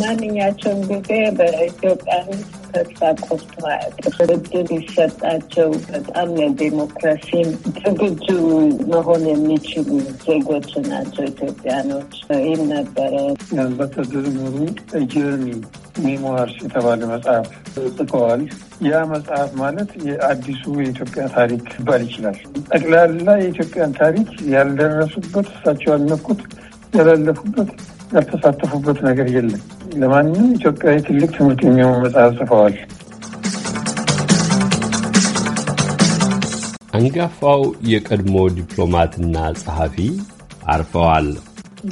ማንኛቸውም ጊዜ በኢትዮጵያ ሕዝብ ተስፋ ቆርጦ እድል ይሰጣቸው። በጣም ለዲሞክራሲም ዝግጁ መሆን የሚችሉ ዜጎች ናቸው ኢትዮጵያኖች። ይህም ነበረ አምባሳደር ኑሩ ጀርኒ ሜሞርስ የተባለ መጽሐፍ ጽፈዋል። ያ መጽሐፍ ማለት የአዲሱ የኢትዮጵያ ታሪክ ይባል ይችላል። ጠቅላላ የኢትዮጵያን ታሪክ ያልደረሱበት እሳቸው ያልነኩት ያላለፉበት ያልተሳተፉበት ነገር የለም። ለማንም ኢትዮጵያዊ ትልቅ ትምህርት የሚሆን መጽሐፍ ጽፈዋል። አንጋፋው የቀድሞ ዲፕሎማትና ጸሐፊ አርፈዋል።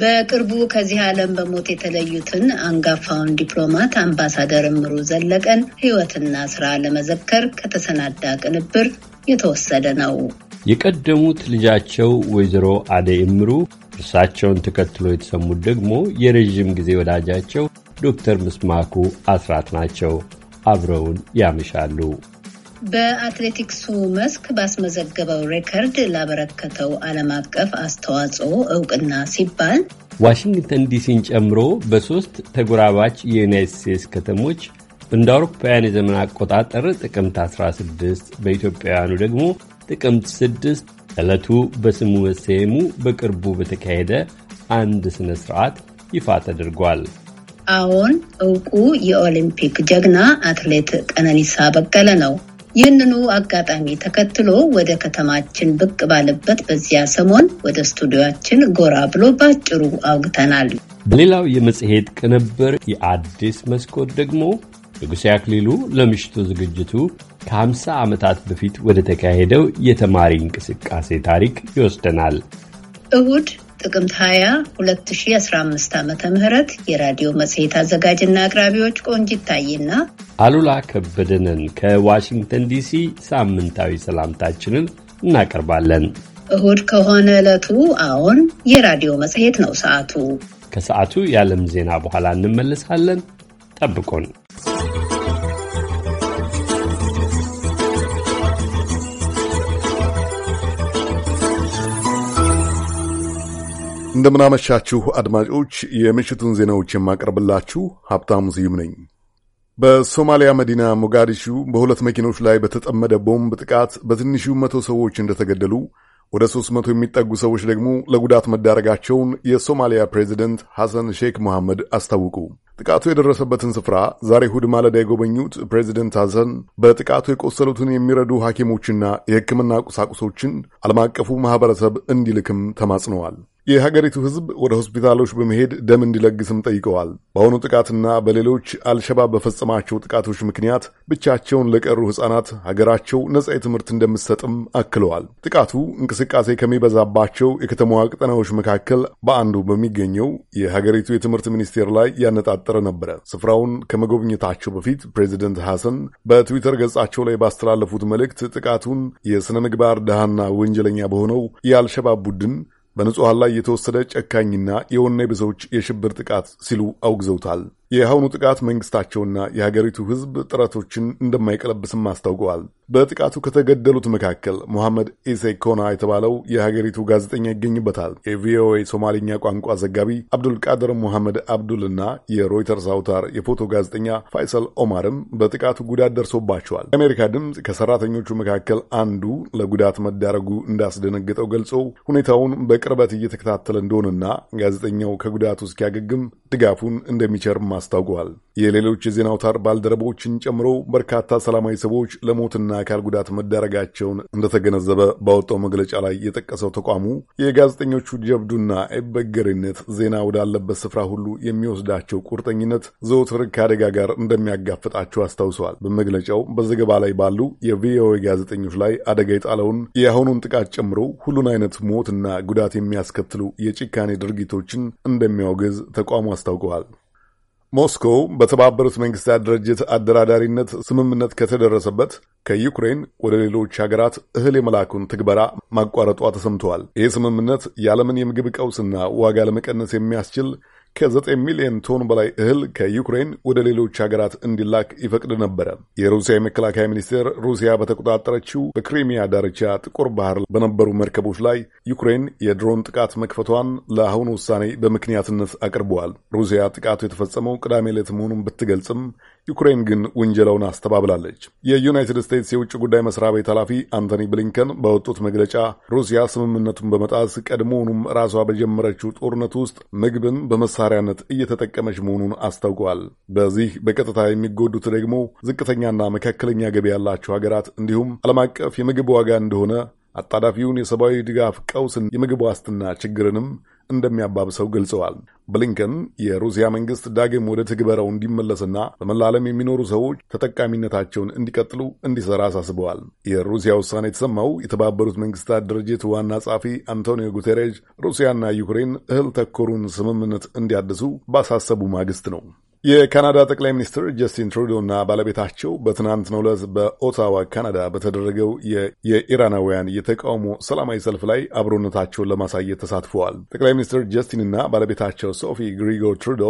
በቅርቡ ከዚህ ዓለም በሞት የተለዩትን አንጋፋውን ዲፕሎማት አምባሳደር እምሩ ዘለቀን ሕይወትና ስራ ለመዘከር ከተሰናዳ ቅንብር የተወሰደ ነው። የቀደሙት ልጃቸው ወይዘሮ አደይ እምሩ እርሳቸውን ተከትሎ የተሰሙት ደግሞ የረዥም ጊዜ ወዳጃቸው ዶክተር ምስማኩ አስራት ናቸው። አብረውን ያመሻሉ። በአትሌቲክሱ መስክ ባስመዘገበው ሬከርድ ላበረከተው ዓለም አቀፍ አስተዋጽኦ እውቅና ሲባል ዋሽንግተን ዲሲን ጨምሮ በሦስት ተጎራባች የዩናይትድ ስቴትስ ከተሞች እንደ አውሮፓውያን የዘመን አቆጣጠር ጥቅምት 16 በኢትዮጵያውያኑ ደግሞ ጥቅምት 6 ዕለቱ በስሙ መሰየሙ በቅርቡ በተካሄደ አንድ ሥነ ሥርዓት ይፋ ተደርጓል። አዎን እውቁ የኦሊምፒክ ጀግና አትሌት ቀነኒሳ በቀለ ነው። ይህንኑ አጋጣሚ ተከትሎ ወደ ከተማችን ብቅ ባለበት በዚያ ሰሞን ወደ ስቱዲዮችን ጎራ ብሎ ባጭሩ አውግተናል። በሌላው የመጽሔት ቅንብር የአዲስ መስኮት ደግሞ ንጉሴ አክሊሉ ለምሽቱ ዝግጅቱ ከ50 ዓመታት በፊት ወደ ተካሄደው የተማሪ እንቅስቃሴ ታሪክ ይወስደናል። እሁድ ጥቅምት 20 2015 ዓ ም የራዲዮ መጽሔት አዘጋጅና አቅራቢዎች ቆንጅ ይታይና አሉላ ከበደንን ከዋሽንግተን ዲሲ ሳምንታዊ ሰላምታችንን እናቀርባለን። እሁድ ከሆነ ዕለቱ አሁን የራዲዮ መጽሔት ነው ሰዓቱ። ከሰዓቱ የዓለም ዜና በኋላ እንመለሳለን። ጠብቁን። እንደምናመሻችሁ አድማጮች፣ የምሽቱን ዜናዎች የማቀርብላችሁ ሀብታሙ ስዩም ነኝ። በሶማሊያ መዲና ሞጋዲሹ በሁለት መኪኖች ላይ በተጠመደ ቦምብ ጥቃት በትንሹ መቶ ሰዎች እንደተገደሉ ወደ 300 መቶ የሚጠጉ ሰዎች ደግሞ ለጉዳት መዳረጋቸውን የሶማሊያ ፕሬዚደንት ሐሰን ሼክ መሐመድ አስታውቁ ጥቃቱ የደረሰበትን ስፍራ ዛሬ እሁድ ማለዳ የጎበኙት ፕሬዚደንት ሐሰን በጥቃቱ የቆሰሉትን የሚረዱ ሐኪሞችና የሕክምና ቁሳቁሶችን ዓለም አቀፉ ማኅበረሰብ እንዲልክም ተማጽነዋል። የሀገሪቱ ሕዝብ ወደ ሆስፒታሎች በመሄድ ደም እንዲለግስም ጠይቀዋል። በአሁኑ ጥቃትና በሌሎች አልሸባብ በፈጸማቸው ጥቃቶች ምክንያት ብቻቸውን ለቀሩ ሕጻናት ሀገራቸው ነጻ ትምህርት እንደምትሰጥም አክለዋል። ጥቃቱ እንቅስቃሴ ከሚበዛባቸው የከተማዋ ቀጠናዎች መካከል በአንዱ በሚገኘው የሀገሪቱ የትምህርት ሚኒስቴር ላይ ያነጣጠረ ነበረ። ስፍራውን ከመጎብኘታቸው በፊት ፕሬዚደንት ሐሰን በትዊተር ገጻቸው ላይ ባስተላለፉት መልእክት ጥቃቱን የሥነ ምግባር ድሃና ወንጀለኛ በሆነው የአልሸባብ ቡድን በንጹሐን ላይ የተወሰደ ጨካኝና የወኔ ቢሶች የሽብር ጥቃት ሲሉ አውግዘውታል። የአሁኑ ጥቃት መንግስታቸውና የሀገሪቱ ሕዝብ ጥረቶችን እንደማይቀለብስም አስታውቀዋል። በጥቃቱ ከተገደሉት መካከል ሞሐመድ ኢሴ ኮና የተባለው የሀገሪቱ ጋዜጠኛ ይገኝበታል። የቪኦኤ ሶማሊኛ ቋንቋ ዘጋቢ አብዱልቃድር ሞሐመድ አብዱልና የሮይተርስ አውታር የፎቶ ጋዜጠኛ ፋይሰል ኦማርም በጥቃቱ ጉዳት ደርሶባቸዋል። የአሜሪካ ድምፅ ከሰራተኞቹ መካከል አንዱ ለጉዳት መዳረጉ እንዳስደነገጠው ገልጾ ሁኔታውን በቅርበት እየተከታተለ እንደሆነና ጋዜጠኛው ከጉዳቱ እስኪያገግም ድጋፉን እንደሚቸርም አስታውቀዋል። የሌሎች የዜና አውታር ባልደረቦችን ጨምሮ በርካታ ሰላማዊ ሰዎች ለሞትና አካል ጉዳት መዳረጋቸውን እንደተገነዘበ ባወጣው መግለጫ ላይ የጠቀሰው ተቋሙ የጋዜጠኞቹ ጀብዱና አይበገሬነት ዜና ወዳለበት ስፍራ ሁሉ የሚወስዳቸው ቁርጠኝነት ዘወትር ከአደጋ ጋር እንደሚያጋፍጣቸው አስታውሰዋል። በመግለጫው በዘገባ ላይ ባሉ የቪኦኤ ጋዜጠኞች ላይ አደጋ የጣለውን የአሁኑን ጥቃት ጨምሮ ሁሉን አይነት ሞትና ጉዳት የሚያስከትሉ የጭካኔ ድርጊቶችን እንደሚያወግዝ ተቋሙ አስታውቀዋል። ሞስኮ በተባበሩት መንግስታት ድርጅት አደራዳሪነት ስምምነት ከተደረሰበት ከዩክሬን ወደ ሌሎች ሀገራት እህል የመላኩን ትግበራ ማቋረጧ ተሰምተዋል። ይህ ስምምነት የዓለምን የምግብ ቀውስና ዋጋ ለመቀነስ የሚያስችል ከዘ9 ሚሊዮን ቶን በላይ እህል ከዩክሬን ወደ ሌሎች ሀገራት እንዲላክ ይፈቅድ ነበረ። የሩሲያ የመከላከያ ሚኒስቴር ሩሲያ በተቆጣጠረችው በክሪሚያ ዳርቻ ጥቁር ባህር በነበሩ መርከቦች ላይ ዩክሬን የድሮን ጥቃት መክፈቷን ለአሁኑ ውሳኔ በምክንያትነት አቅርበዋል። ሩሲያ ጥቃቱ የተፈጸመው ቅዳሜ ዕለት መሆኑን ብትገልጽም ዩክሬን ግን ውንጀላውን አስተባብላለች። የዩናይትድ ስቴትስ የውጭ ጉዳይ መስሪያ ቤት ኃላፊ አንቶኒ ብሊንከን በወጡት መግለጫ ሩሲያ ስምምነቱን በመጣስ ቀድሞውኑም ራሷ በጀመረችው ጦርነት ውስጥ ምግብን በመሳሪያነት እየተጠቀመች መሆኑን አስታውቀዋል። በዚህ በቀጥታ የሚጎዱት ደግሞ ዝቅተኛና መካከለኛ ገቢ ያላቸው ሀገራት እንዲሁም ዓለም አቀፍ የምግብ ዋጋ እንደሆነ አጣዳፊውን የሰብአዊ ድጋፍ ቀውስን፣ የምግብ ዋስትና ችግርንም እንደሚያባብሰው ገልጸዋል። ብሊንከን የሩሲያ መንግስት ዳግም ወደ ትግበረው እንዲመለስና በመላ ዓለም የሚኖሩ ሰዎች ተጠቃሚነታቸውን እንዲቀጥሉ እንዲሰራ አሳስበዋል። የሩሲያ ውሳኔ የተሰማው የተባበሩት መንግስታት ድርጅት ዋና ጸሐፊ አንቶኒዮ ጉቴሬጅ ሩሲያና ዩክሬን እህል ተኮሩን ስምምነት እንዲያድሱ ባሳሰቡ ማግስት ነው። የካናዳ ጠቅላይ ሚኒስትር ጀስቲን ትሩዶ እና ባለቤታቸው በትናንትናው ዕለት በኦታዋ ካናዳ በተደረገው የኢራናውያን የተቃውሞ ሰላማዊ ሰልፍ ላይ አብሮነታቸውን ለማሳየት ተሳትፈዋል። ጠቅላይ ሚኒስትር ጀስቲን እና ባለቤታቸው ሶፊ ግሪጎር ትሩዶ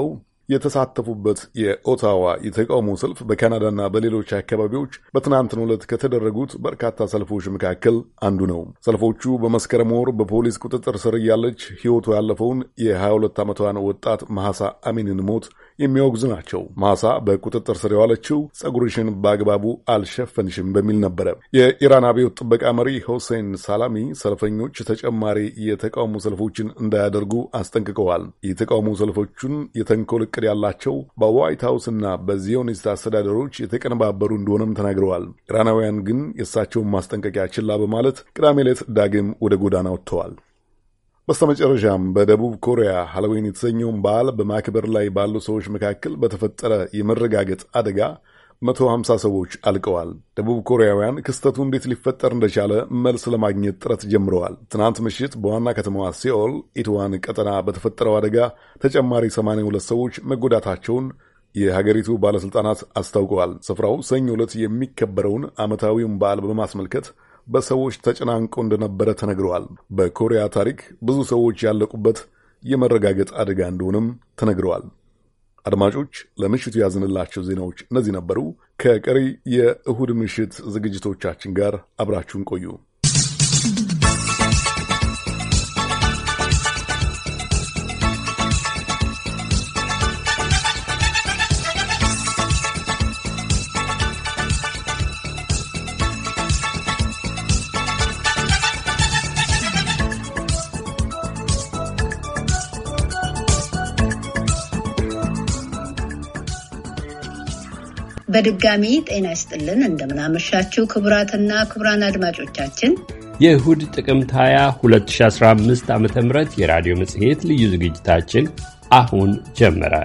የተሳተፉበት የኦታዋ የተቃውሞ ሰልፍ በካናዳና በሌሎች አካባቢዎች በትናንትናው ዕለት ከተደረጉት በርካታ ሰልፎች መካከል አንዱ ነው። ሰልፎቹ በመስከረም ወር በፖሊስ ቁጥጥር ስር እያለች ሕይወቱ ያለፈውን የ22 ዓመቷን ወጣት ማሐሳ አሚንን ሞት የሚያወግዙ ናቸው። ማሳ በቁጥጥር ስር የዋለችው ጸጉርሽን በአግባቡ አልሸፈንሽም በሚል ነበረ። የኢራን አብዮት ጥበቃ መሪ ሆሴን ሳላሚ ሰልፈኞች ተጨማሪ የተቃውሞ ሰልፎችን እንዳያደርጉ አስጠንቅቀዋል። የተቃውሞ ሰልፎቹን የተንኮል እቅድ ያላቸው በዋይት ሀውስ እና በዚዮኒስት አስተዳደሮች የተቀነባበሩ እንደሆነም ተናግረዋል። ኢራናውያን ግን የእሳቸውን ማስጠንቀቂያ ችላ በማለት ቅዳሜ ዕለት ዳግም ወደ ጎዳና ወጥተዋል። በስተመጨረሻም በደቡብ ኮሪያ ሃሎዊን የተሰኘውን በዓል በማክበር ላይ ባሉ ሰዎች መካከል በተፈጠረ የመረጋገጥ አደጋ 150 ሰዎች አልቀዋል። ደቡብ ኮሪያውያን ክስተቱ እንዴት ሊፈጠር እንደቻለ መልስ ለማግኘት ጥረት ጀምረዋል። ትናንት ምሽት በዋና ከተማዋ ሲኦል ኢትዋን ቀጠና በተፈጠረው አደጋ ተጨማሪ 82 ሰዎች መጎዳታቸውን የሀገሪቱ ባለሥልጣናት አስታውቀዋል። ስፍራው ሰኞ ዕለት የሚከበረውን ዓመታዊውን በዓል በማስመልከት በሰዎች ተጨናንቆ እንደነበረ ተነግረዋል። በኮሪያ ታሪክ ብዙ ሰዎች ያለቁበት የመረጋገጥ አደጋ እንደሆነም ተነግረዋል። አድማጮች ለምሽቱ ያዝንላቸው ዜናዎች እነዚህ ነበሩ። ከቀሪ የእሁድ ምሽት ዝግጅቶቻችን ጋር አብራችሁን ቆዩ። በድጋሚ ጤና ይስጥልን። እንደምናመሻችው ክቡራትና ክቡራን አድማጮቻችን የእሁድ ጥቅምት 20 2015 ዓ ም የራዲዮ መጽሔት ልዩ ዝግጅታችን አሁን ጀመረ።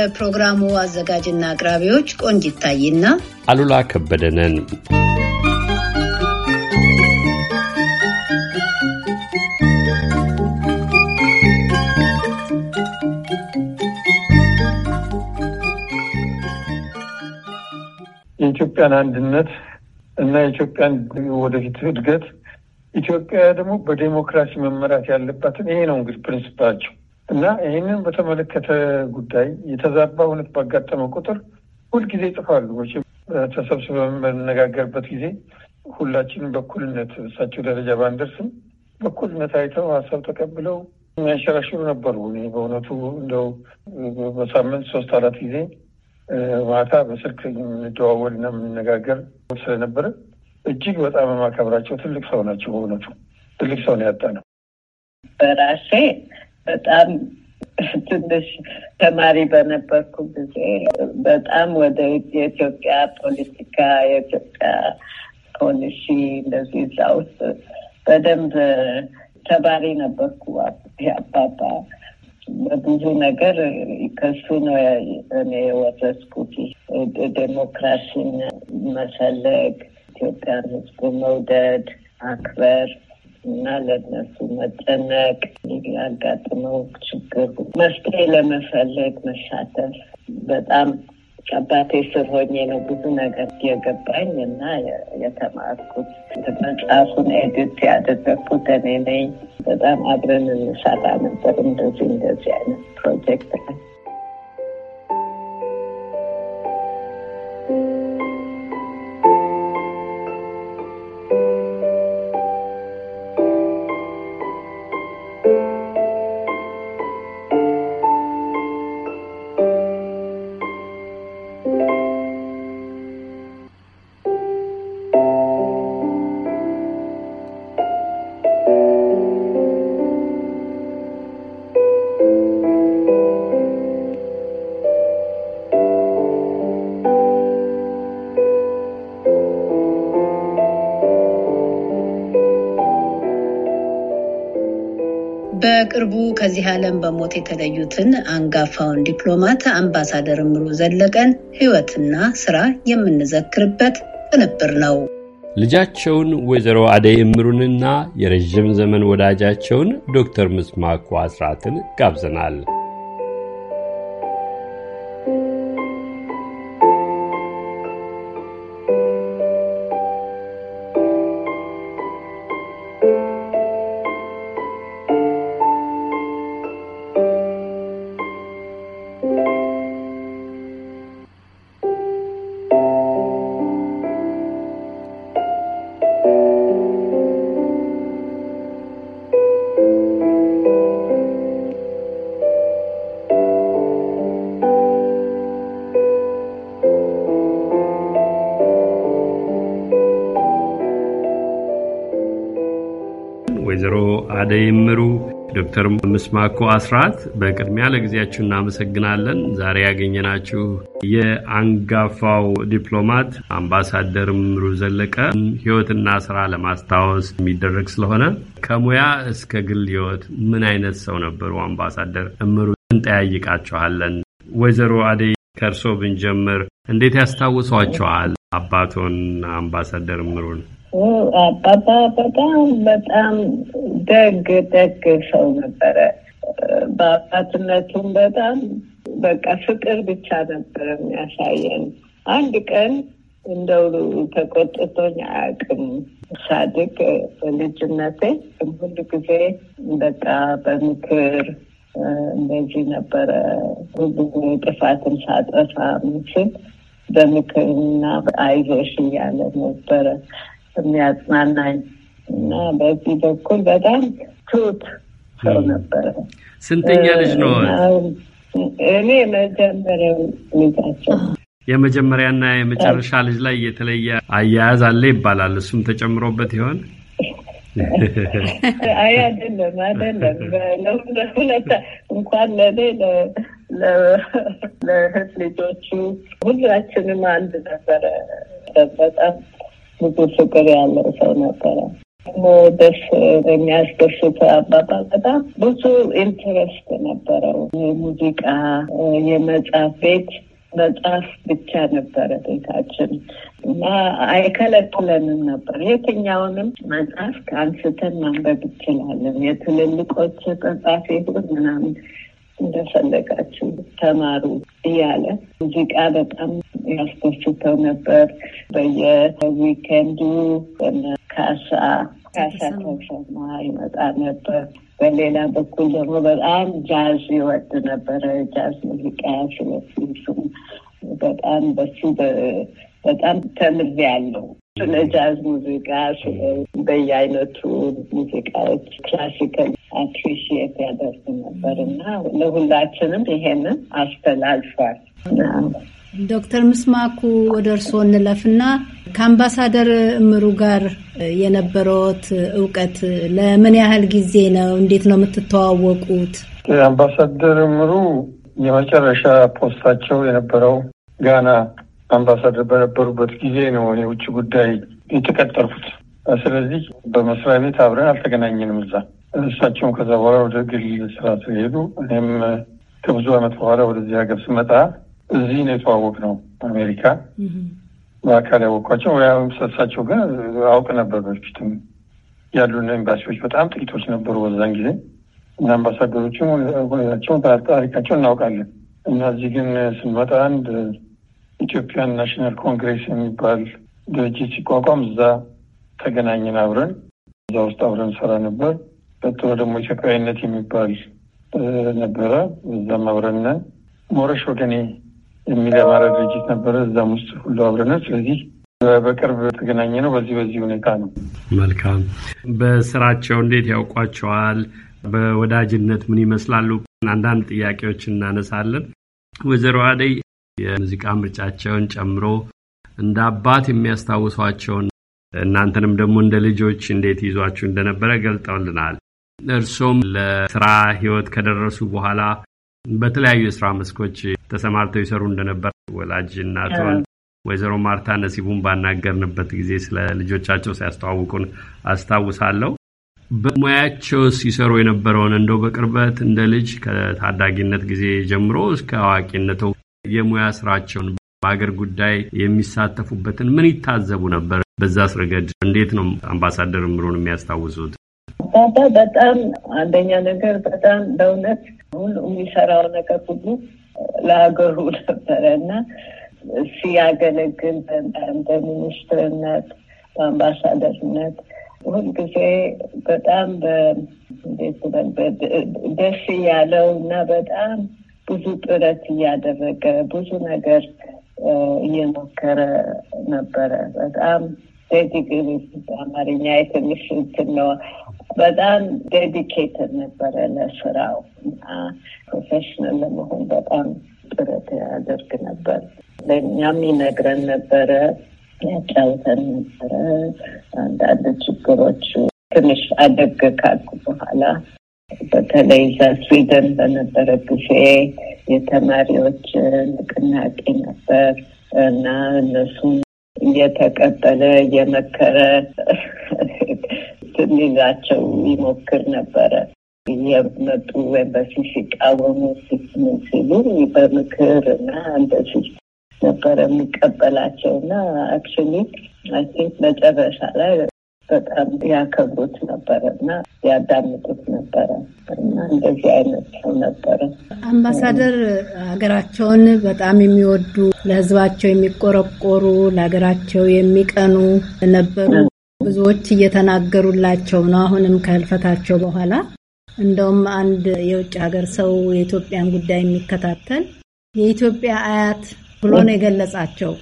የፕሮግራሙ አዘጋጅና አቅራቢዎች ቆንጅ ይታይና አሉላ ከበደነን። የኢትዮጵያን አንድነት እና የኢትዮጵያን ወደፊት እድገት ኢትዮጵያ ደግሞ በዴሞክራሲ መመራት ያለባትን ይሄ ነው እንግዲህ ፕሪንስፓቸው። እና ይህንን በተመለከተ ጉዳይ የተዛባ እውነት ባጋጠመው ቁጥር ሁልጊዜ ይጽፋሉ። መቼም ተሰብስበን በምንነጋገርበት ጊዜ ሁላችንም በኩልነት እሳቸው ደረጃ ባንደርስም በኩልነት አይተው ሀሳብ ተቀብለው የሚያንሸራሽሩ ነበሩ። እኔ በእውነቱ እንደው በሳምንት ሶስት አራት ጊዜ ማታ በስልክ የምንደዋወል እና የምንነጋገር ስለነበረ እጅግ በጣም የማከብራቸው ትልቅ ሰው ናቸው። በእውነቱ ትልቅ ሰው ነው ያጣ ነው። በራሴ በጣም ትንሽ ተማሪ በነበርኩ ጊዜ በጣም ወደ የኢትዮጵያ ፖለቲካ የኢትዮጵያ ፖሊሲ እንደዚህ እዛ ውስጥ በደንብ ተባሪ ነበርኩ። አባባ በብዙ ነገር ከሱ ነው እኔ የወረስኩት። ዴሞክራሲን መፈለግ፣ ኢትዮጵያን ሕዝብ መውደድ፣ አክበር እና ለነሱ መጨነቅ ያጋጥመው ችግር መፍትሄ ለመፈለግ መሳተፍ በጣም አባቴ ስር ሆኜ ነው ብዙ ነገር የገባኝ እና የተማርኩት። መጽሐፉን ኤዲት ያደረግኩት እኔ ነኝ። በጣም አብረን እንሰራ ነበር እንደዚህ እንደዚህ አይነት ፕሮጀክት ላይ በቅርቡ ከዚህ ዓለም በሞት የተለዩትን አንጋፋውን ዲፕሎማት አምባሳደር እምሩ ዘለቀን ሕይወትና ስራ የምንዘክርበት ቅንብር ነው። ልጃቸውን ወይዘሮ አደይ እምሩንና የረዥም ዘመን ወዳጃቸውን ዶክተር ምስማኩ አስራትን ጋብዘናል። ምስማኮ አስራት በቅድሚያ ለጊዜያችሁ እናመሰግናለን። ዛሬ ያገኘናችሁ የአንጋፋው ዲፕሎማት አምባሳደር እምሩ ዘለቀ ሕይወትና ስራ ለማስታወስ የሚደረግ ስለሆነ ከሙያ እስከ ግል ሕይወት ምን አይነት ሰው ነበሩ አምባሳደር እምሩ እንጠያይቃችኋለን። ወይዘሮ አደይ ከእርሶ ብንጀምር እንዴት ያስታውሷቸዋል አባቶን አምባሳደር እምሩን? አባባ በጣም በጣም ደግ ደግ ሰው ነበረ። በአባትነቱም በጣም በቃ ፍቅር ብቻ ነበረ የሚያሳየን። አንድ ቀን እንደው ተቆጥቶኝ አያውቅም። ሳድግ በልጅነቴ ሁሉ ጊዜ በቃ በምክር እንደዚህ ነበረ። ሁሉ ጥፋትን ሳጠፋ ምስል በምክርና አይዞሽ እያለ ነበረ የሚያጽናናኝ። እና በዚህ በኩል በጣም ትሁት ሰው ነበረ። ስንተኛ ልጅ ነው? እኔ መጀመሪያው ልጃቸው የመጀመሪያና የመጨረሻ ልጅ ላይ የተለየ አያያዝ አለ ይባላል። እሱም ተጨምሮበት ይሆን? አይ አይደለም፣ አይደለም። ለሁለት እንኳን ለእኔ ለእህት ልጆቹ ሁላችንም አንድ ነበረ። በጣም ብዙ ፍቅር ያለው ሰው ነበረ። ደስ የሚያስደስት አባባ በጣም ብዙ ኢንትረስት ነበረው። የሙዚቃ የመጽሐፍ ቤት መጽሐፍ ብቻ ነበረ ቤታችን እና አይከለክለንም ነበር። የትኛውንም መጽሐፍ አንስተን ማንበብ ይችላለን። የትልልቆች ተጻፊ ይሁን ምናምን እንደፈለጋችሁ ተማሩ እያለ ሙዚቃ በጣም ያስደስተው ነበር። በየዊኬንዱ ካሳ ካሳ ከብሻማ ይመጣ ነበር። በሌላ በኩል ደግሞ በጣም ጃዝ ይወድ ነበረ። ጃዝ ሙዚቃ ስለሱም በጣም በሱ በጣም ተምሬያለሁ። ስለ ጃዝ ሙዚቃ በየአይነቱ ሙዚቃዎች ክላሲካል አፕሪሺየት ያደርግ ነበር እና ለሁላችንም ይሄንን አስተላልፏል። ዶክተር ምስማኩ ወደ እርስዎ እንለፍና ከአምባሳደር እምሩ ጋር የነበረዎት እውቀት ለምን ያህል ጊዜ ነው? እንዴት ነው የምትተዋወቁት? አምባሳደር እምሩ የመጨረሻ ፖስታቸው የነበረው ጋና አምባሳደር በነበሩበት ጊዜ ነው የውጭ ጉዳይ የተቀጠርኩት። ስለዚህ በመስሪያ ቤት አብረን አልተገናኘንም። እዛ እሳቸውም ከዛ በኋላ ወደ ግል ስራ ስለሄዱ እኔም ከብዙ ዓመት በኋላ ወደዚህ ሀገር ስመጣ እዚህ ነው የተዋወቅ ነው አሜሪካ በአካል ያወቅኳቸው። እሳቸው ግን አውቅ ነበር በፊትም ያሉን ኤምባሲዎች በጣም ጥቂቶች ነበሩ በዛን ጊዜ እና አምባሳደሮችም ሁኔታቸውን ታሪካቸው እናውቃለን። እና እዚህ ግን ስንመጣ አንድ ኢትዮጵያን ናሽናል ኮንግሬስ የሚባል ድርጅት ሲቋቋም እዛ ተገናኘን አብረን እዛ ውስጥ አብረን ሰራ ነበር። ቀጥሎ ደግሞ ኢትዮጵያዊነት የሚባል ነበረ። እዛም አብረን ሞረሽ ወገኔ የሚል ድርጅት ነበረ። እዛም ውስጥ ሁሉ አብረነ። ስለዚህ በቅርብ የተገናኘ ነው። በዚህ በዚህ ሁኔታ ነው። መልካም። በስራቸው እንዴት ያውቋቸዋል? በወዳጅነት ምን ይመስላሉ? አንዳንድ ጥያቄዎች እናነሳለን። ወይዘሮ አደይ የሙዚቃ ምርጫቸውን ጨምሮ እንደ አባት የሚያስታውሷቸውን እናንተንም ደግሞ እንደ ልጆች እንዴት ይዟችሁ እንደነበረ ገልጠውልናል። እርሶም ለስራ ህይወት ከደረሱ በኋላ በተለያዩ የስራ መስኮች ተሰማርተው ይሰሩ እንደነበር ወላጅ እናቶን ወይዘሮ ማርታ ነሲቡን ባናገርንበት ጊዜ ስለ ልጆቻቸው ሲያስተዋውቁን አስታውሳለሁ። በሙያቸው ሲሰሩ የነበረውን እንደው በቅርበት እንደ ልጅ ከታዳጊነት ጊዜ ጀምሮ እስከ አዋቂነተው የሙያ ስራቸውን በአገር ጉዳይ የሚሳተፉበትን ምን ይታዘቡ ነበር? በዛስ ረገድ እንዴት ነው አምባሳደር እምሩን የሚያስታውሱት? አባባ በጣም አንደኛ ነገር በጣም በእውነት ሁሉ የሚሰራው ነገር ሁሉ ለሀገሩ ነበረ እና ሲያገለግል በሚኒስትርነት፣ በአምባሳደርነት ሁልጊዜ በጣም ደስ እያለው እና በጣም ብዙ ጥረት እያደረገ ብዙ ነገር እየሞከረ ነበረ። በጣም ዴዲግ አማርኛ የትንሽ እንትን ነው በጣም ዴዲኬትድ ነበረ ለስራው እና ፕሮፌሽናል ለመሆን በጣም ጥረት ያደርግ ነበር። ለእኛም ይነግረን ነበረ፣ ያጫውተን ነበረ። አንዳንድ ችግሮች ትንሽ አደግ ካልኩ በኋላ በተለይ እዛ ስዊድን በነበረ ጊዜ የተማሪዎች ንቅናቄ ነበር እና እነሱም እየተቀበለ እየመከረ ሊዛቸው ይሞክር ነበረ። የመጡ ወይም በፊት ሲቃወሙ ምን ሲሉ በምክር እና እንደዚህ ነበረ የሚቀበላቸው እና አክቹዋሊ አይ ቲንክ መጨረሻ ላይ በጣም ያከብሩት ነበረ እና ያዳምጡት ነበረ እና እንደዚህ አይነት ሰው ነበረ። አምባሳደር ሀገራቸውን በጣም የሚወዱ ለሕዝባቸው የሚቆረቆሩ ለሀገራቸው የሚቀኑ ነበሩ። ብዙዎች እየተናገሩላቸው ነው። አሁንም ከህልፈታቸው በኋላ እንደውም አንድ የውጭ ሀገር ሰው የኢትዮጵያን ጉዳይ የሚከታተል የኢትዮጵያ አያት ብሎ ነው የገለጻቸው።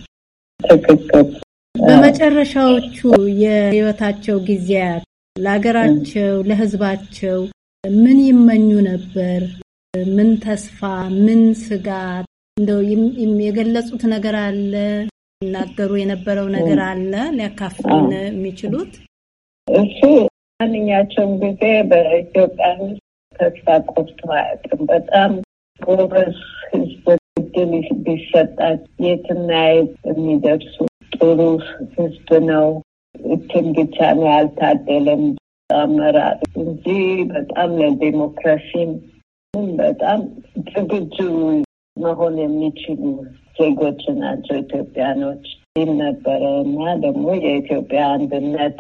በመጨረሻዎቹ የህይወታቸው ጊዜያት ለሀገራቸው፣ ለህዝባቸው ምን ይመኙ ነበር? ምን ተስፋ፣ ምን ስጋት እንደው የገለጹት ነገር አለ? ይናገሩ የነበረው ነገር አለ ሊያካፍሉን የሚችሉት? እሱ ማንኛቸውም ጊዜ በኢትዮጵያ ውስጥ ተስፋ ቆርጦ አያውቅም። በጣም ጎበዝ ህዝብ እድል ቢሰጣት የትና የሚደርሱ ጥሩ ህዝብ ነው። እትን ብቻ ነው ያልታደለም አመራር እንጂ በጣም ለዴሞክራሲም በጣም ዝግጁ መሆን የሚችሉ ዜጎች ናቸው ኢትዮጵያኖች ይል ነበረ እና ደግሞ የኢትዮጵያ አንድነት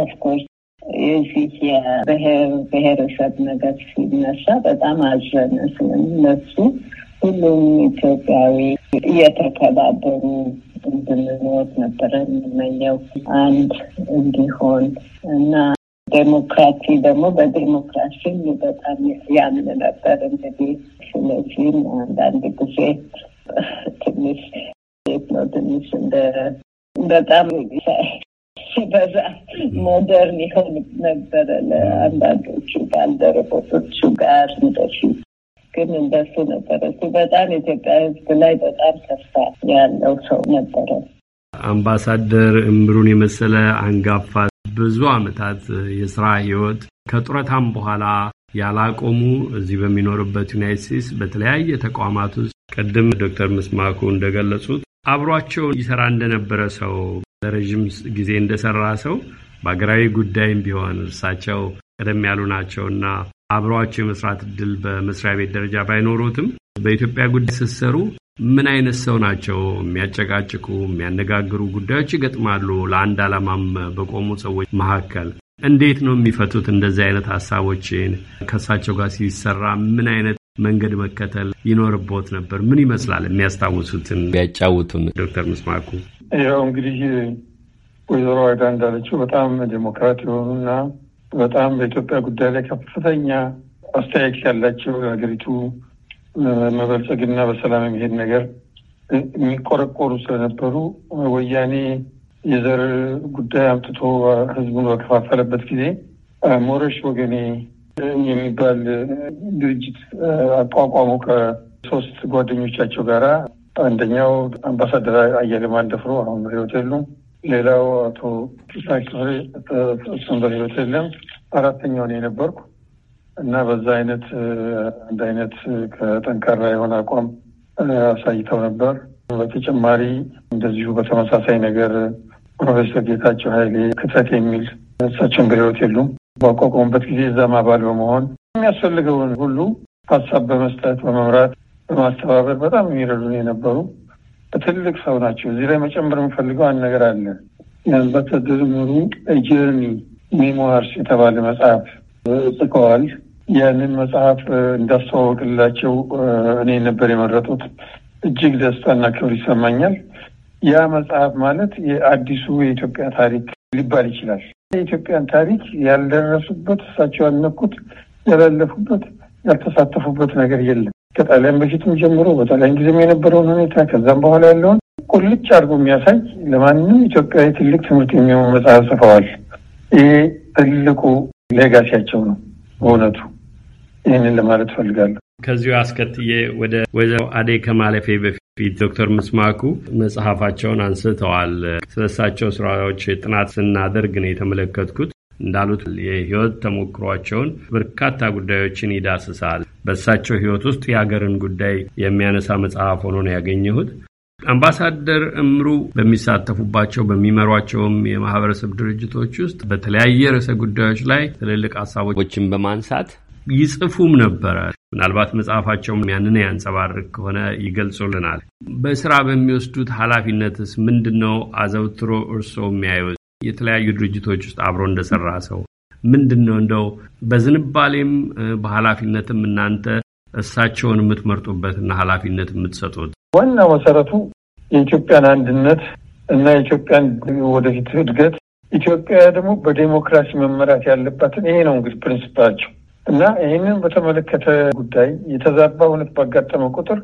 ኦፍኮርስ የዚህ የብሔር ብሔረሰብ ነገር ሲነሳ በጣም አዘነ። ስለነሱ ሁሉም ኢትዮጵያዊ እየተከባበሩ እንድንኖር ነበረ የምመኘው አንድ እንዲሆን እና ዴሞክራሲ ደግሞ በዴሞክራሲም በጣም ያምን ነበር። እንግዲህ ስለዚህም አንዳንድ ጊዜ ትንሽ ቤት ነው ትንሽ እንደ በጣም በዛ ሞደርን ይሆን ነበረ ለአንዳንዶቹ ባልደረቦቶቹ ጋር እንደፊት ግን እንደሱ ነበረ። እሱ በጣም ኢትዮጵያ ሕዝብ ላይ በጣም ተስፋ ያለው ሰው ነበረ። አምባሳደር እምሩን የመሰለ አንጋፋ ብዙ ዓመታት የስራ ህይወት ከጡረታም በኋላ ያላቆሙ እዚህ በሚኖርበት ዩናይት ስቴትስ በተለያየ ተቋማት ውስጥ ቅድም ዶክተር ምስማኩ እንደገለጹት አብሯቸው ይሰራ እንደነበረ ሰው ለረዥም ጊዜ እንደሰራ ሰው በሀገራዊ ጉዳይም ቢሆን እርሳቸው ቀደም ያሉ ናቸውና አብሯቸው የመስራት እድል በመስሪያ ቤት ደረጃ ባይኖሩትም በኢትዮጵያ ጉዳይ ስትሰሩ ምን አይነት ሰው ናቸው? የሚያጨቃጭቁ የሚያነጋግሩ ጉዳዮች ይገጥማሉ። ለአንድ አላማም በቆሙ ሰዎች መካከል እንዴት ነው የሚፈቱት? እንደዚህ አይነት ሀሳቦችን ከእሳቸው ጋር ሲሰራ ምን አይነት መንገድ መከተል ይኖርቦት ነበር? ምን ይመስላል? የሚያስታውሱትን ያጫውቱን ዶክተር ምስማኩ ያው እንግዲህ ወይዘሮ ዋጋ እንዳለችው በጣም ዴሞክራት የሆኑና በጣም በኢትዮጵያ ጉዳይ ላይ ከፍተኛ አስተያየት ያላቸው የሀገሪቱ መበልጸግና በሰላም የሚሄድ ነገር የሚቆረቆሩ ስለነበሩ ወያኔ የዘር ጉዳይ አምጥቶ ህዝቡን በከፋፈለበት ጊዜ ሞረሽ ወገኔ የሚባል ድርጅት አቋቋሙ ከሶስት ጓደኞቻቸው ጋራ። አንደኛው አምባሳደር አያሌ ማንደፍሮ አሁን በህይወት የሉም። ሌላው አቶ ሳክሬ እሱም በህይወት የለም። አራተኛው እኔ እና በዛ አይነት አንድ አይነት ከጠንካራ የሆነ አቋም አሳይተው ነበር። በተጨማሪ እንደዚሁ በተመሳሳይ ነገር ፕሮፌሰር ጌታቸው ኃይሌ ክተት የሚል እሳቸውን በሕይወት የሉም ባቋቋሙበት ጊዜ እዛም አባል በመሆን የሚያስፈልገውን ሁሉ ሀሳብ በመስጠት በመምራት በማስተባበር በጣም የሚረዱን የነበሩ ትልቅ ሰው ናቸው። እዚህ ላይ መጨመር የምፈልገው አንድ ነገር አለ። የአምባሳደር ጀርኒ ሜሞርስ የተባለ መጽሐፍ ጽፈዋል። ያንን መጽሐፍ እንዳስተዋወቅላቸው እኔ ነበር የመረጡት። እጅግ ደስታና ክብር ይሰማኛል። ያ መጽሐፍ ማለት የአዲሱ የኢትዮጵያ ታሪክ ሊባል ይችላል። የኢትዮጵያን ታሪክ ያልደረሱበት፣ እሳቸው ያልነኩት፣ ያላለፉበት፣ ያልተሳተፉበት ነገር የለም። ከጣሊያን በፊትም ጀምሮ በጣሊያን ጊዜም የነበረውን ሁኔታ ከዛም በኋላ ያለውን ቁልጭ አድርጎ የሚያሳይ ለማንም ኢትዮጵያዊ ትልቅ ትምህርት የሚሆን መጽሐፍ ጽፈዋል። ይሄ ትልቁ ሌጋሲያቸው ነው በእውነቱ ይህንን ለማለት ፈልጋለሁ። ከዚሁ አስከትዬ ወደ ወይዘሮ አዴ ከማለፌ በፊት ዶክተር ምስማኩ መጽሐፋቸውን አንስተዋል። ስለሳቸው ስራዎች ጥናት ስናደርግ ነው የተመለከትኩት። እንዳሉት የህይወት ተሞክሯቸውን በርካታ ጉዳዮችን ይዳስሳል። በእሳቸው ህይወት ውስጥ የሀገርን ጉዳይ የሚያነሳ መጽሐፍ ሆኖ ነው ያገኘሁት። አምባሳደር እምሩ በሚሳተፉባቸው በሚመሯቸውም የማህበረሰብ ድርጅቶች ውስጥ በተለያየ ርዕሰ ጉዳዮች ላይ ትልልቅ ሀሳቦችን በማንሳት ይጽፉም ነበረ። ምናልባት መጽሐፋቸውም ያንን ያንጸባርቅ ከሆነ ይገልጹልናል። በስራ በሚወስዱት ኃላፊነትስ ምንድን ነው? አዘውትሮ እርስዎ የሚያዩት የተለያዩ ድርጅቶች ውስጥ አብሮ እንደሰራ ሰው ምንድን ነው እንደው በዝንባሌም በኃላፊነትም እናንተ እሳቸውን የምትመርጡበትና ኃላፊነት የምትሰጡት ዋና መሰረቱ የኢትዮጵያን አንድነት እና የኢትዮጵያን ወደፊት እድገት ኢትዮጵያ ደግሞ በዴሞክራሲ መመራት ያለባትን ይሄ ነው እንግዲህ ፕሪንስፓቸው እና ይህንን በተመለከተ ጉዳይ የተዛባ እውነት ባጋጠመ ቁጥር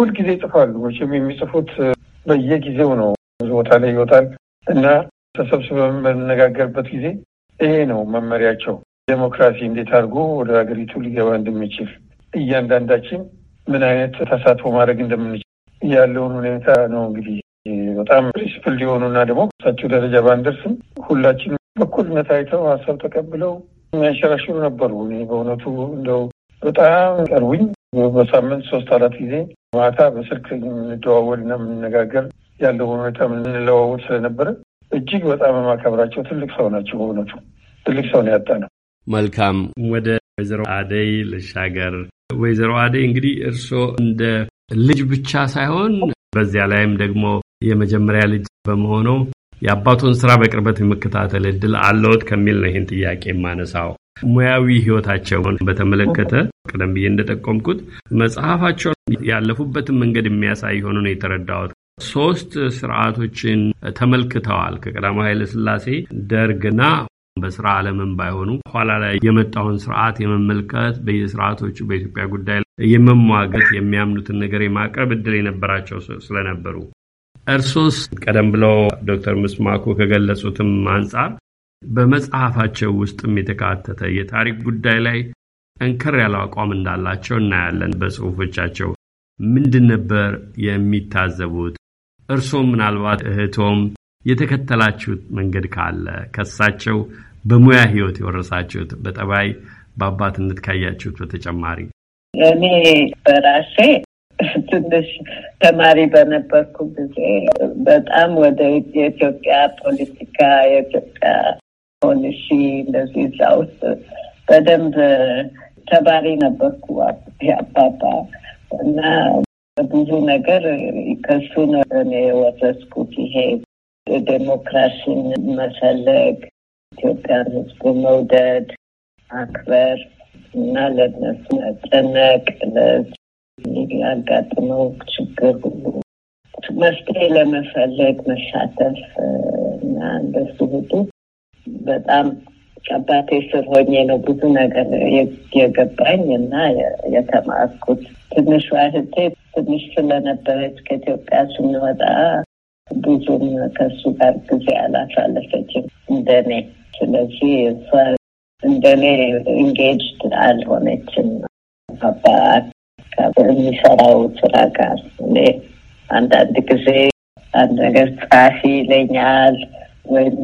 ሁልጊዜ ይጽፋሉ። መቼም የሚጽፉት በየጊዜው ነው፣ ብዙ ቦታ ላይ ይወጣል እና ተሰብስበን በምንነጋገርበት ጊዜ ይሄ ነው መመሪያቸው። ዴሞክራሲ እንዴት አድርጎ ወደ ሀገሪቱ ሊገባ እንደሚችል እያንዳንዳችን ምን አይነት ተሳትፎ ማድረግ እንደምንችል ያለውን ሁኔታ ነው እንግዲህ በጣም ፕሪንስፕል ሊሆኑና ደግሞ በሳቸው ደረጃ ባንደርስም ሁላችንም በኩልነት አይተው ሀሳብ ተቀብለው የሚያንሸራሽሩ ነበሩ። በእውነቱ እንደው በጣም ቀርቡኝ። በሳምንት ሶስት አራት ጊዜ ማታ በስልክ የምንደዋወልና የምንነጋገር ያለው ሁኔታ የምንለዋወል ስለነበረ እጅግ በጣም የማከብራቸው ትልቅ ሰው ናቸው። በእውነቱ ትልቅ ሰው ነው ያጣ ነው። መልካም ወደ ወይዘሮ አደይ ልሻገር። ወይዘሮ አደይ እንግዲህ እርስዎ እንደ ልጅ ብቻ ሳይሆን በዚያ ላይም ደግሞ የመጀመሪያ ልጅ በመሆኑ የአባቱን ስራ በቅርበት የመከታተል እድል አለዎት ከሚል ነው ይህን ጥያቄ የማነሳው። ሙያዊ ህይወታቸውን በተመለከተ ቀደም ብዬ እንደጠቆምኩት መጽሐፋቸውን ያለፉበትን መንገድ የሚያሳይ ሆኖ ነው የተረዳሁት። ሶስት ስርዓቶችን ተመልክተዋል። ከቀዳማዊ ኃይለ ስላሴ ደርግና በስራ ዓለምን ባይሆኑ ኋላ ላይ የመጣውን ስርዓት የመመልከት በየስርዓቶቹ በኢትዮጵያ ጉዳይ የመሟገት የሚያምኑትን ነገር የማቅረብ እድል የነበራቸው ስለነበሩ እርሶስ ቀደም ብለው ዶክተር ምስማኩ ከገለጹትም አንጻር በመጽሐፋቸው ውስጥም የተካተተ የታሪክ ጉዳይ ላይ ጠንከር ያለው አቋም እንዳላቸው እናያለን። በጽሁፎቻቸው ምንድን ነበር የሚታዘቡት? እርሶም ምናልባት እህቶም የተከተላችሁት መንገድ ካለ ከሳቸው በሙያ ህይወት የወረሳችሁት በጠባይ በአባትነት ካያችሁት በተጨማሪ እኔ በራሴ ትንሽ ተማሪ በነበርኩ ጊዜ በጣም ወደ የኢትዮጵያ ፖለቲካ የኢትዮጵያ ፖሊሲ እንደዚህ እዛ ውስጥ በደንብ ተባሪ ነበርኩ አባባ እና ብዙ ነገር ከሱ ነው እኔ የወረስኩት። ይሄ ዴሞክራሲን መፈለግ፣ ኢትዮጵያን ህዝቡ መውደድ፣ አክበር እና ለነሱ መጨነቅ ለ ያጋጥመው ችግር ሁሉ መፍትሄ ለመፈለግ መሳተፍ እና እንደሱ ሁሉ በጣም አባቴ ስር ሆኜ ነው ብዙ ነገር የገባኝ እና የተማርኩት። ትንሽ ዋህቴ ትንሽ ስለነበረች ከኢትዮጵያ ስንወጣ ብዙም ከሱ ጋር ጊዜ አላሳለፈችም እንደኔ። ስለዚህ እሷ እንደኔ ኢንጌጅድ አልሆነችም። አባት ከሚሰራው ስራ ጋር እኔ አንዳንድ ጊዜ አንድ ነገር ጸሐፊ ይለኛል ወይም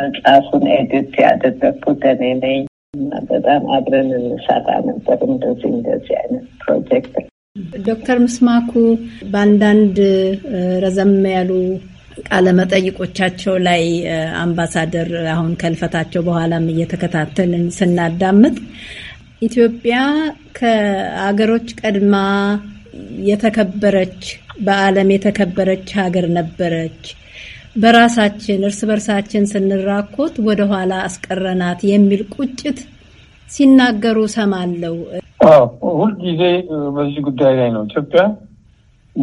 መጽሐፉን ኤዲት ያደረግኩት እኔ ነኝ እና በጣም አብረን እንሰራ ነበር። እንደዚህ እንደዚህ አይነት ፕሮጀክት ዶክተር ምስማኩ በአንዳንድ ረዘም ያሉ ቃለ መጠይቆቻቸው ላይ አምባሳደር አሁን ከልፈታቸው በኋላም እየተከታተልን ስናዳምጥ ኢትዮጵያ ከአገሮች ቀድማ የተከበረች በዓለም የተከበረች ሀገር ነበረች። በራሳችን እርስ በርሳችን ስንራኮት ወደኋላ አስቀረናት የሚል ቁጭት ሲናገሩ ሰማለው። ሁልጊዜ በዚህ ጉዳይ ላይ ነው። ኢትዮጵያ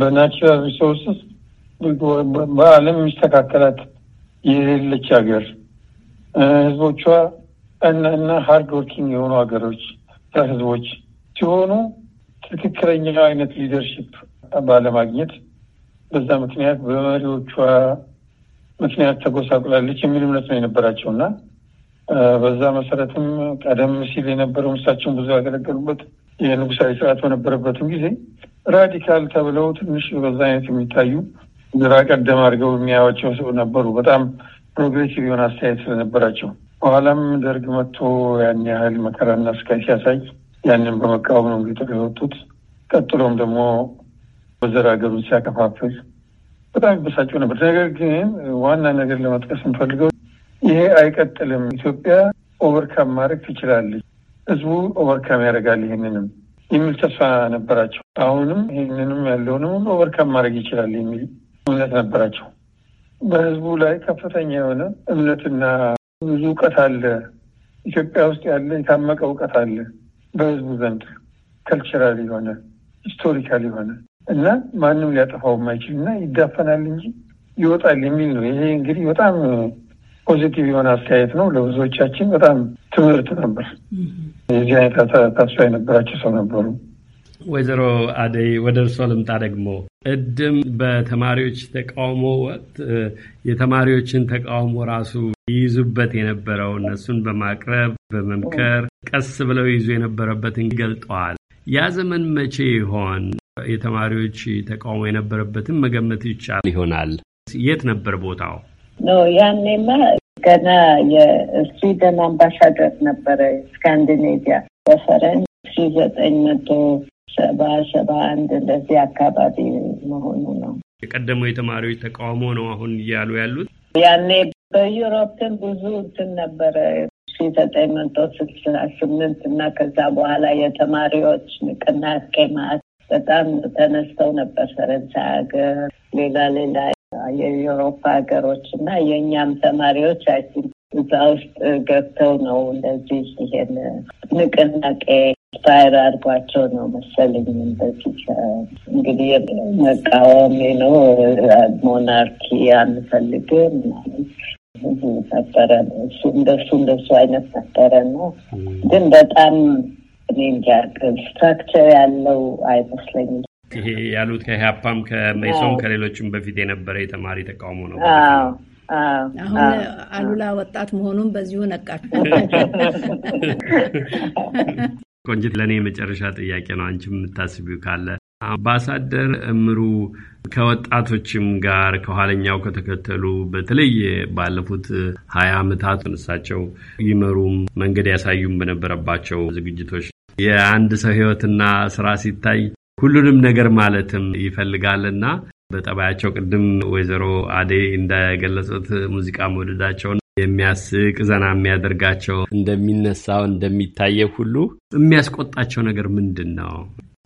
በናቹራል ሪሶርስስ በዓለም የሚስተካከላት የሌለች ሀገር፣ ህዝቦቿ እና ሀርድ ወርኪንግ የሆኑ ሀገሮች ህዝቦች ሲሆኑ ትክክለኛ አይነት ሊደርሽፕ ባለማግኘት በዛ ምክንያት በመሪዎቿ ምክንያት ተጎሳቁላለች የሚል እምነት ነው የነበራቸው እና በዛ መሰረትም ቀደም ሲል የነበረው እሳቸውን ብዙ ያገለገሉበት የንጉሳዊ ስርዓት በነበረበትም ጊዜ ራዲካል ተብለው ትንሽ በዛ አይነት የሚታዩ ግራ ቀደም አድርገው የሚያዩዋቸው ሰው ነበሩ። በጣም ፕሮግሬሲቭ የሆነ አስተያየት ስለነበራቸው በኋላም ደርግ መጥቶ ያን ያህል መከራና ስቃይ ሲያሳይ ያንን በመቃወም ነው እንግዲህ የወጡት። ቀጥሎም ደግሞ በዘር ሀገሩን ሲያከፋፍል በጣም ይበሳጭ ነበር። ነገር ግን ዋና ነገር ለመጥቀስ እንፈልገው ይሄ አይቀጥልም፣ ኢትዮጵያ ኦቨርካም ማድረግ ትችላለች፣ ህዝቡ ኦቨርካም ያደርጋል ይህንንም የሚል ተስፋ ነበራቸው። አሁንም ይህንንም ያለውንም ሁሉ ኦቨርካም ማድረግ ይችላል የሚል እምነት ነበራቸው። በህዝቡ ላይ ከፍተኛ የሆነ እምነትና ብዙ እውቀት አለ። ኢትዮጵያ ውስጥ ያለ የታመቀ እውቀት አለ በህዝቡ ዘንድ ከልቸራል የሆነ ሂስቶሪካል የሆነ እና ማንም ሊያጠፋው የማይችል እና ይዳፈናል እንጂ ይወጣል የሚል ነው። ይሄ እንግዲህ በጣም ፖዚቲቭ የሆነ አስተያየት ነው። ለብዙዎቻችን በጣም ትምህርት ነበር። የዚህ አይነት ተስፋ የነበራቸው ሰው ነበሩ። ወይዘሮ አደይ ወደ እርሶ ልምጣ ደግሞ ቅድም በተማሪዎች ተቃውሞ ወቅት የተማሪዎችን ተቃውሞ ራሱ ይይዙበት የነበረው እነሱን በማቅረብ በመምከር ቀስ ብለው ይዙ የነበረበትን ገልጠዋል። ያ ዘመን መቼ ይሆን? የተማሪዎች ተቃውሞ የነበረበትን መገመት ይቻል ይሆናል። የት ነበር ቦታው? ያኔማ ገና የስዊድን አምባሳደር ነበረ ስካንዲኔቪያ በፈረንጅ ሺህ ዘጠኝ መቶ ሰባ ሰባ አንድ እንደዚህ አካባቢ መሆኑ ነው። የቀደመው የተማሪዎች ተቃውሞ ነው አሁን እያሉ ያሉት። ያኔ በዩሮፕን ብዙ እንትን ነበረ ሺ ዘጠኝ መቶ ስልሳ ስምንት እና ከዛ በኋላ የተማሪዎች ንቅናቄ ማለት በጣም ተነስተው ነበር። ፈረንሳይ ሀገር፣ ሌላ ሌላ የዩሮፓ ሀገሮች እና የእኛም ተማሪዎች አይ እዛ ውስጥ ገብተው ነው እንደዚህ ይሄን ንቅናቄ ፋይር አድርጓቸው ነው መሰለኝ። በፊት እንግዲህ መቃወም ነው ሞናርኪ አንፈልግም ነበረ። እንደሱ እንደሱ አይነት ነበረ ነው። ግን በጣም እኔ እንጃ ስትራክቸር ያለው አይመስለኝም። ይሄ ያሉት ከኢህአፓም ከመኢሶን ከሌሎችም በፊት የነበረ የተማሪ ተቃውሞ ነው። አሁን አሉላ ወጣት መሆኑን በዚሁ ነቃችሁ። ቆንጅት፣ ለእኔ የመጨረሻ ጥያቄ ነው። አንቺ የምታስቢው ካለ አምባሳደር እምሩ ከወጣቶችም ጋር ከኋለኛው ከተከተሉ በተለየ ባለፉት ሀያ ዓመታት እሳቸው ይመሩም መንገድ ያሳዩም በነበረባቸው ዝግጅቶች የአንድ ሰው ሕይወትና ስራ ሲታይ ሁሉንም ነገር ማለትም ይፈልጋልና በጠባያቸው ቅድም ወይዘሮ አዴ እንደገለጹት ሙዚቃ መውደዳቸውን የሚያስቅ ዘና የሚያደርጋቸው እንደሚነሳው እንደሚታየው ሁሉ የሚያስቆጣቸው ነገር ምንድን ነው?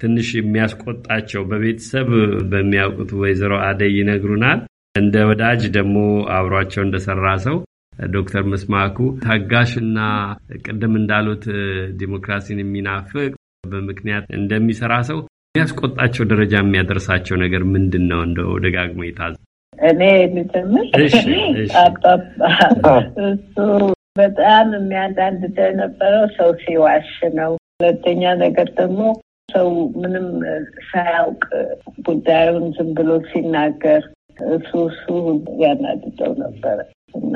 ትንሽ የሚያስቆጣቸው በቤተሰብ በሚያውቁት ወይዘሮ አደይ ይነግሩናል። እንደ ወዳጅ ደግሞ አብሯቸው እንደሰራ ሰው ዶክተር መስማኩ ታጋሽና ቅድም እንዳሉት ዲሞክራሲን የሚናፍቅ በምክንያት እንደሚሰራ ሰው የሚያስቆጣቸው ደረጃ የሚያደርሳቸው ነገር ምንድን ነው? እንደው ደጋግሞ የታዘ እኔ ልጀምር። እሱ በጣም የሚያናድደው የነበረው ሰው ሲዋሽ ነው። ሁለተኛ ነገር ደግሞ ሰው ምንም ሳያውቅ ጉዳዩን ዝም ብሎ ሲናገር እሱ እሱ ያናድደው ነበረ እና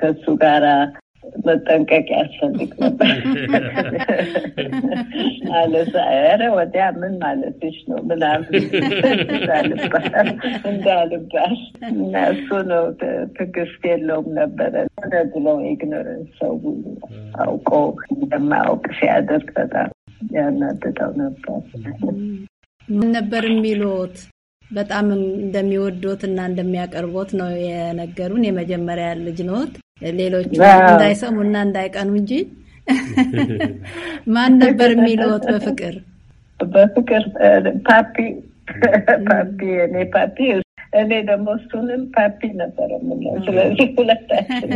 ከእሱ ጋራ መጠንቀቅ ያስፈልግ ነበር አለ። ኧረ ወዲያ ምን ማለትሽ ነው ምናምን እንዳልባል እና እሱ ነው ትዕግስት የለውም ነበረ ብለው ኢግኖረንስ ሰው አውቆ እንደማያውቅ ሲያደርግ በጣም ያናድጠው ነበር። ምን ነበር የሚሉት? በጣም እንደሚወዶት እና እንደሚያቀርቦት ነው የነገሩን። የመጀመሪያ ልጅ ኖት ሌሎቹ እንዳይሰሙ እና እንዳይቀኑ እንጂ ማን ነበር የሚለወት በፍቅር በፍቅር ፓፒ ፓፒ እኔ ፓፒ እኔ ደግሞ እሱንም ፓፒ ነበረ የምለው። ስለዚህ ሁለታችን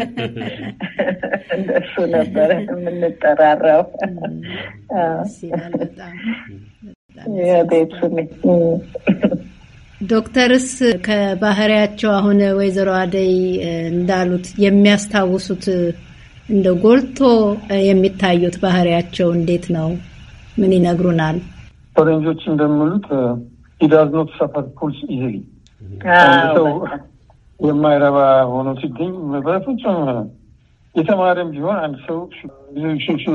እንደሱ ነበረ የምንጠራራው የቤት ስሜ ዶክተርስ ከባህሪያቸው አሁን ወይዘሮ አደይ እንዳሉት የሚያስታውሱት እንደ ጎልቶ የሚታዩት ባህሪያቸው እንዴት ነው? ምን ይነግሩናል? ፈረንጆች እንደሚሉት ኢዳዝ ኖት ሰፈር ፑልስ ይሄ ሰው የማይረባ ሆኖ ሲገኝ በፍጹም የተማረም ቢሆን አንድ ሰው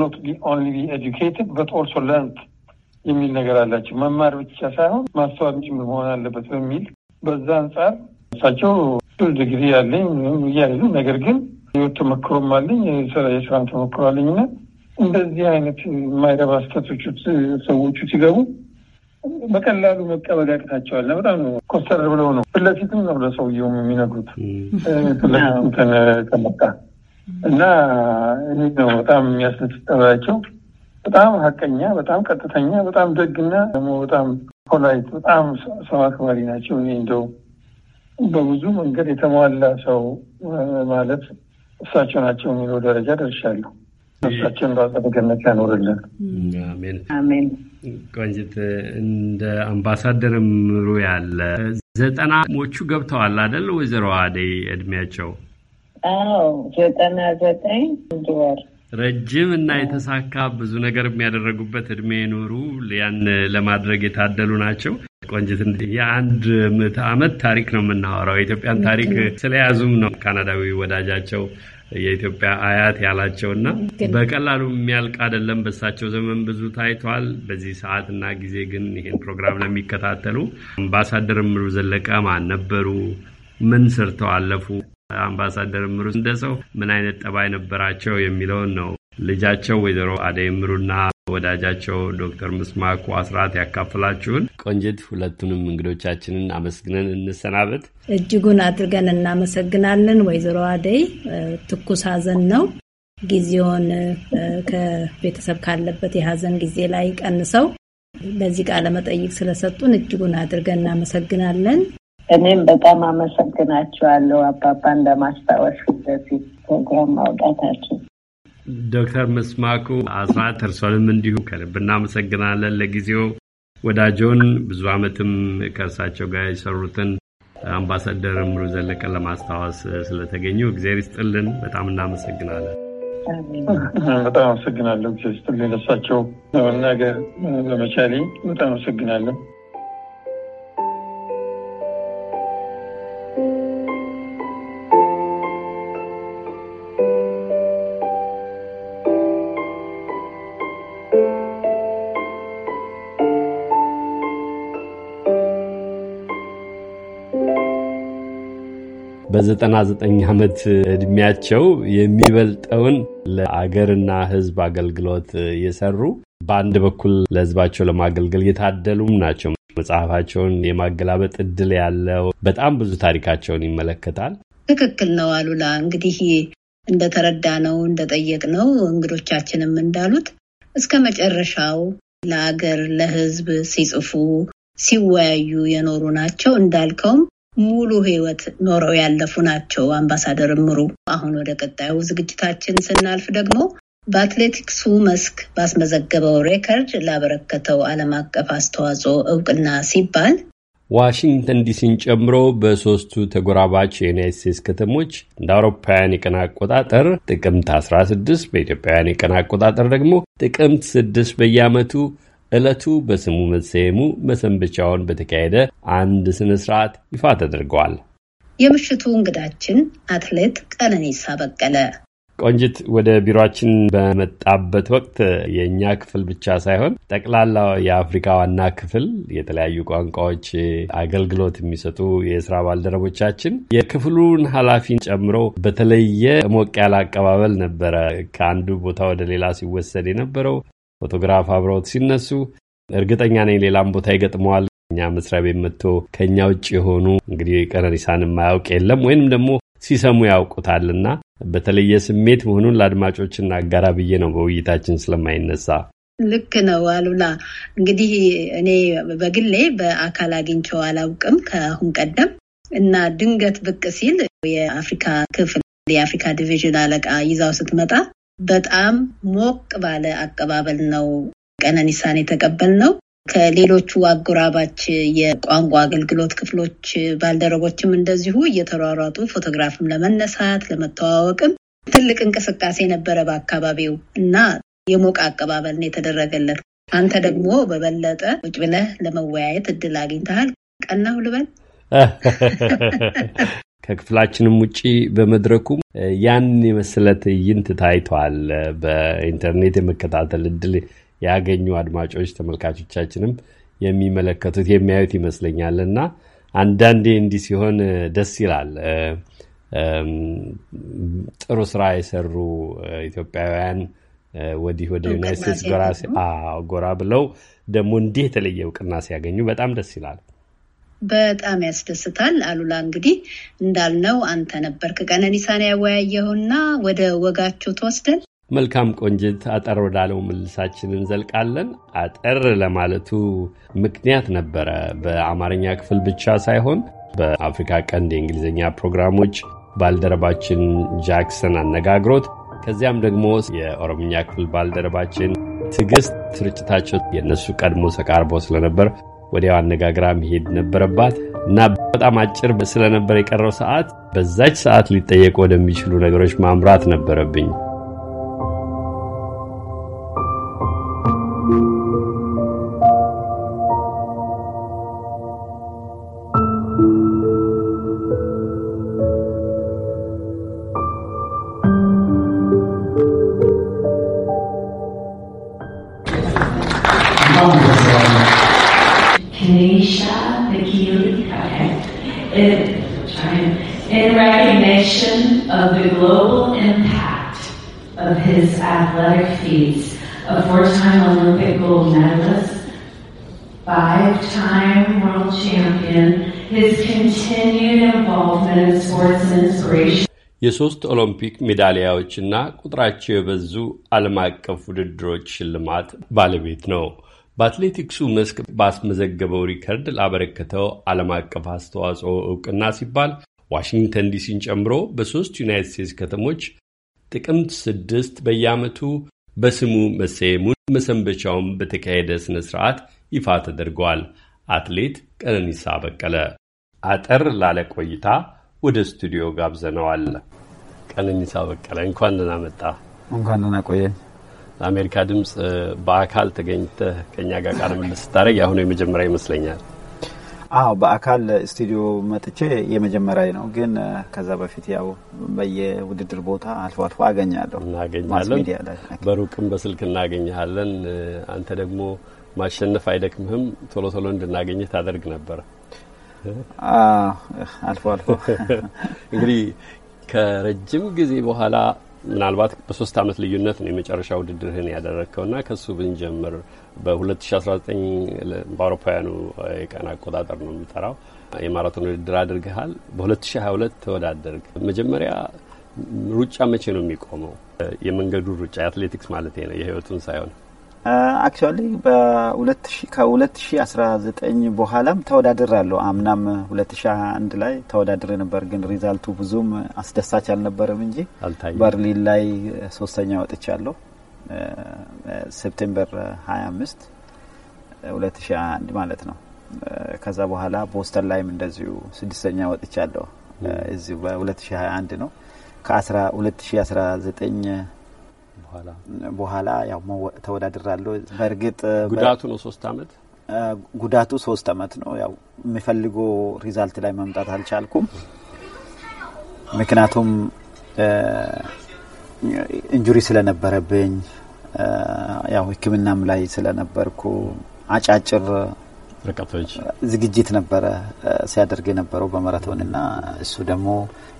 ኖት ኦንሊ ኤዱኬትድ በት ኦልሶ ለርንት የሚል ነገር አላቸው። መማር ብቻ ሳይሆን ማስተዋል ጭምር መሆን አለበት በሚል በዛ አንጻር እሳቸው ብዙ ጊዜ ያለኝ እያሉ ነገር ግን ህይወት ተሞክሮም አለኝ የስራ ተሞክሮ አለኝ እና እንደዚህ አይነት የማይረባ ስህተቶች ሰዎቹ ሲገቡ በቀላሉ መቀበል ያቅታቸዋል። በጣም ነው ኮስተር ብለው ነው ፍለፊትም ነው ለሰውየውም የሚነግሩት ፍለፊትም ለፊትም ተመጣ እና ይህ ነው በጣም የሚያስነስጠባቸው በጣም ሀቀኛ፣ በጣም ቀጥተኛ፣ በጣም ደግና ደግሞ በጣም ፖላይት፣ በጣም ሰው አክባሪ ናቸው። እኔ እንደው በብዙ መንገድ የተሟላ ሰው ማለት እሳቸው ናቸው የሚለው ደረጃ ደርሻለሁ። እሳቸውን በአጸደ ገነት ያኖርልን። አሜን አሜን። ቆንጅት እንደ አምባሳደር ምሩ ያለ ዘጠና ሞቹ ገብተዋል አደል? ወይዘሮ አደይ እድሜያቸው ዘጠና ዘጠኝ ወር ረጅም እና የተሳካ ብዙ ነገር የሚያደረጉበት እድሜ የኖሩ ያን ለማድረግ የታደሉ ናቸው። ቆንጅት፣ የአንድ ምዕተ ዓመት ታሪክ ነው የምናወራው። የኢትዮጵያን ታሪክ ስለያዙም ነው ካናዳዊ ወዳጃቸው የኢትዮጵያ አያት ያላቸው እና በቀላሉ የሚያልቅ አይደለም። በሳቸው ዘመን ብዙ ታይቷል። በዚህ ሰዓት እና ጊዜ ግን ይሄን ፕሮግራም ለሚከታተሉ አምባሳደር እምሩ ዘለቀ ማን ነበሩ? ምን ሰርተው አለፉ? አምባሳደር እምሩ እንደ ሰው ምን አይነት ጠባይ ነበራቸው የሚለውን ነው ልጃቸው ወይዘሮ አደይ እምሩና ወዳጃቸው ዶክተር ምስማኩ አስራት ያካፍላችሁን። ቆንጅት፣ ሁለቱንም እንግዶቻችንን አመስግነን እንሰናበት። እጅጉን አድርገን እናመሰግናለን። ወይዘሮ አደይ ትኩስ ሀዘን ነው። ጊዜውን ከቤተሰብ ካለበት የሀዘን ጊዜ ላይ ቀንሰው ለዚህ ቃለ መጠይቅ ስለሰጡን እጅጉን አድርገን እናመሰግናለን። እኔም በጣም አመሰግናቸዋለሁ አባባን ለማስታወስ በፊት ፕሮግራም ማውጣታችን። ዶክተር ምስማኩ አስራት እርሶንም እንዲሁ ከልብ እናመሰግናለን። ለጊዜው ወዳጆን ብዙ ዓመትም ከእርሳቸው ጋር የሰሩትን አምባሳደር እምሩ ዘለቀን ለማስታወስ ስለተገኙ እግዜር ይስጥልን። በጣም እናመሰግናለን። በጣም አመሰግናለሁ። እግዜር ይስጥልን። ለእሳቸው ለመናገር በመቻሌ በጣም አመሰግናለሁ። 99 ዓመት ዕድሜያቸው የሚበልጠውን ለአገርና ሕዝብ አገልግሎት የሰሩ በአንድ በኩል ለሕዝባቸው ለማገልገል የታደሉም ናቸው። መጽሐፋቸውን የማገላበጥ እድል ያለው በጣም ብዙ ታሪካቸውን ይመለከታል። ትክክል ነው አሉላ። እንግዲህ እንደተረዳ ነው እንደጠየቅ ነው እንግዶቻችንም እንዳሉት እስከ መጨረሻው ለአገር ለሕዝብ ሲጽፉ ሲወያዩ የኖሩ ናቸው እንዳልከውም ሙሉ ህይወት ኖረው ያለፉ ናቸው አምባሳደር እምሩ። አሁን ወደ ቀጣዩ ዝግጅታችን ስናልፍ ደግሞ በአትሌቲክሱ መስክ ባስመዘገበው ሬከርድ ላበረከተው ዓለም አቀፍ አስተዋጽኦ እውቅና ሲባል ዋሽንግተን ዲሲን ጨምሮ በሶስቱ ተጎራባች የዩናይት ስቴትስ ከተሞች እንደ አውሮፓውያን የቀን አቆጣጠር ጥቅምት 16 በኢትዮጵያውያን የቀን አቆጣጠር ደግሞ ጥቅምት 6 በየዓመቱ ዕለቱ በስሙ መሰየሙ መሰንበቻውን በተካሄደ አንድ ስነ ስርዓት ይፋ ተደርገዋል። የምሽቱ እንግዳችን አትሌት ቀነኒሳ በቀለ። ቆንጅት ወደ ቢሮችን በመጣበት ወቅት የእኛ ክፍል ብቻ ሳይሆን ጠቅላላ የአፍሪካ ዋና ክፍል የተለያዩ ቋንቋዎች አገልግሎት የሚሰጡ የስራ ባልደረቦቻችን የክፍሉን ኃላፊን ጨምሮ በተለየ ሞቅ ያለ አቀባበል ነበረ። ከአንዱ ቦታ ወደ ሌላ ሲወሰድ የነበረው ፎቶግራፍ አብረውት ሲነሱ እርግጠኛ ነኝ ሌላም ቦታ ይገጥመዋል። እኛ መስሪያ ቤት መጥቶ ከእኛ ውጭ የሆኑ እንግዲህ ቀነኒሳን የማያውቅ የለም ወይንም ደግሞ ሲሰሙ ያውቁታልና በተለየ ስሜት መሆኑን ለአድማጮች እናጋራ ብዬ ነው በውይይታችን ስለማይነሳ ልክ ነው አሉላ። እንግዲህ እኔ በግሌ በአካል አግኝቸው አላውቅም ከአሁን ቀደም እና ድንገት ብቅ ሲል የአፍሪካ ክፍል የአፍሪካ ዲቪዥን አለቃ ይዛው ስትመጣ በጣም ሞቅ ባለ አቀባበል ነው ቀነኒሳን ነው። ከሌሎቹ አጎራባች የቋንቋ አገልግሎት ክፍሎች ባልደረቦችም እንደዚሁ እየተሯሯጡ ፎቶግራፍም ለመነሳት ለመተዋወቅም ትልቅ እንቅስቃሴ ነበረ በአካባቢው እና የሞቀ አቀባበል ነው የተደረገለት። አንተ ደግሞ በበለጠ ቁጭ ብለህ ለመወያየት እድል አግኝተሃል። ቀናሁ ልበል? ከክፍላችንም ውጭ በመድረኩም ያን የመሰለ ትዕይንት ታይተዋል። በኢንተርኔት የመከታተል እድል ያገኙ አድማጮች ተመልካቾቻችንም የሚመለከቱት የሚያዩት ይመስለኛል እና አንዳንዴ እንዲህ ሲሆን ደስ ይላል። ጥሩ ስራ የሰሩ ኢትዮጵያውያን ወዲህ ወደ ዩናይት ስቴትስ ጎራ ብለው ደግሞ እንዲህ የተለየ እውቅና ሲያገኙ በጣም ደስ ይላል። በጣም ያስደስታል። አሉላ እንግዲህ እንዳልነው አንተ ነበርክ ቀነኒሳን ያወያየሁና ወደ ወጋችሁ ተወስደን መልካም ቆንጅት፣ አጠር ወዳለው ምልሳችን እንዘልቃለን። አጠር ለማለቱ ምክንያት ነበረ። በአማርኛ ክፍል ብቻ ሳይሆን በአፍሪካ ቀንድ የእንግሊዝኛ ፕሮግራሞች ባልደረባችን ጃክሰን አነጋግሮት ከዚያም ደግሞ የኦሮምኛ ክፍል ባልደረባችን ትዕግስት ስርጭታቸው የእነሱ ቀድሞ ተቃርቦ ስለነበር ወዲያው አነጋግራ መሄድ ነበረባት እና በጣም አጭር ስለነበር የቀረው ሰዓት በዛች ሰዓት ሊጠየቁ ወደሚችሉ ነገሮች ማምራት ነበረብኝ። gold medalist, five-time world champion, his continued involvement in sports and inspiration. የሶስት ኦሎምፒክ ሜዳሊያዎችና ቁጥራቸው የበዙ ዓለም አቀፍ ውድድሮች ሽልማት ባለቤት ነው። በአትሌቲክሱ መስክ ባስመዘገበው ሪከርድ ላበረከተው ዓለም አቀፍ አስተዋጽኦ እውቅና ሲባል ዋሽንግተን ዲሲን ጨምሮ በሶስት ዩናይትድ ስቴትስ ከተሞች ጥቅምት ስድስት በየዓመቱ በስሙ መሰየሙን መሰንበቻውም በተካሄደ ስነ ስርዓት ይፋ ተደርጓል። አትሌት ቀነኒሳ በቀለ አጠር ላለ ቆይታ ወደ ስቱዲዮ ጋብዘነዋል። ቀነኒሳ በቀለ እንኳን ደህና መጣ። እንኳን ደህና ቆየ። ለአሜሪካ ድምፅ በአካል ተገኝተህ ከእኛ ጋር ቃለ ምልልስ ስታደርግ አሁኑ የመጀመሪያ ይመስለኛል። አዎ በአካል ስቱዲዮ መጥቼ የመጀመሪያ ነው። ግን ከዛ በፊት ያው በየውድድር ቦታ አልፎ አልፎ አገኛለሁ እናገኛለን። በሩቅም በስልክ እናገኛለን አንተ ደግሞ ማሸነፍ አይደክምህም፣ ቶሎ ቶሎ እንድናገኘህ ታደርግ ነበረ። አልፎ አልፎ እንግዲህ ከረጅም ጊዜ በኋላ ምናልባት በሶስት አመት ልዩነት ነው የመጨረሻ ውድድርህን ያደረግከውና ከሱ ብንጀምር በ2019 በአውሮፓውያኑ የቀን አቆጣጠር ነው የሚጠራው የማራቶን ውድድር አድርገሃል። በ2022 ተወዳደርግ። መጀመሪያ ሩጫ መቼ ነው የሚቆመው? የመንገዱ ሩጫ የአትሌቲክስ ማለት ነው፣ የህይወቱን ሳይሆን አክቹዋሊ ከ2019 በኋላም ተወዳድራለሁ። አምናም 2021 ላይ ተወዳድሬ ነበር፣ ግን ሪዛልቱ ብዙም አስደሳች አልነበረም እንጂ በርሊን ላይ ሶስተኛ ወጥቻለሁ። ሴፕቴምበር 25 201 ማለት ነው። ከዛ በኋላ ቦስተን ላይም እንደዚሁ ስድስተኛ ወጥቻለሁ። እዚሁ በ2021 ነው። ከ2019 በኋላ ያው ተወዳድራለሁ። በእርግጥ ጉዳቱ ነው ሶስት አመት ጉዳቱ ሶስት አመት ነው። ያው የሚፈልገው ሪዛልት ላይ መምጣት አልቻልኩም። ምክንያቱም ኢንጁሪ ስለነበረብኝ ያው ሕክምናም ላይ ስለነበርኩ አጫጭር ርቀቶች ዝግጅት ነበረ ሲያደርግ የነበረው እና እሱ ደግሞ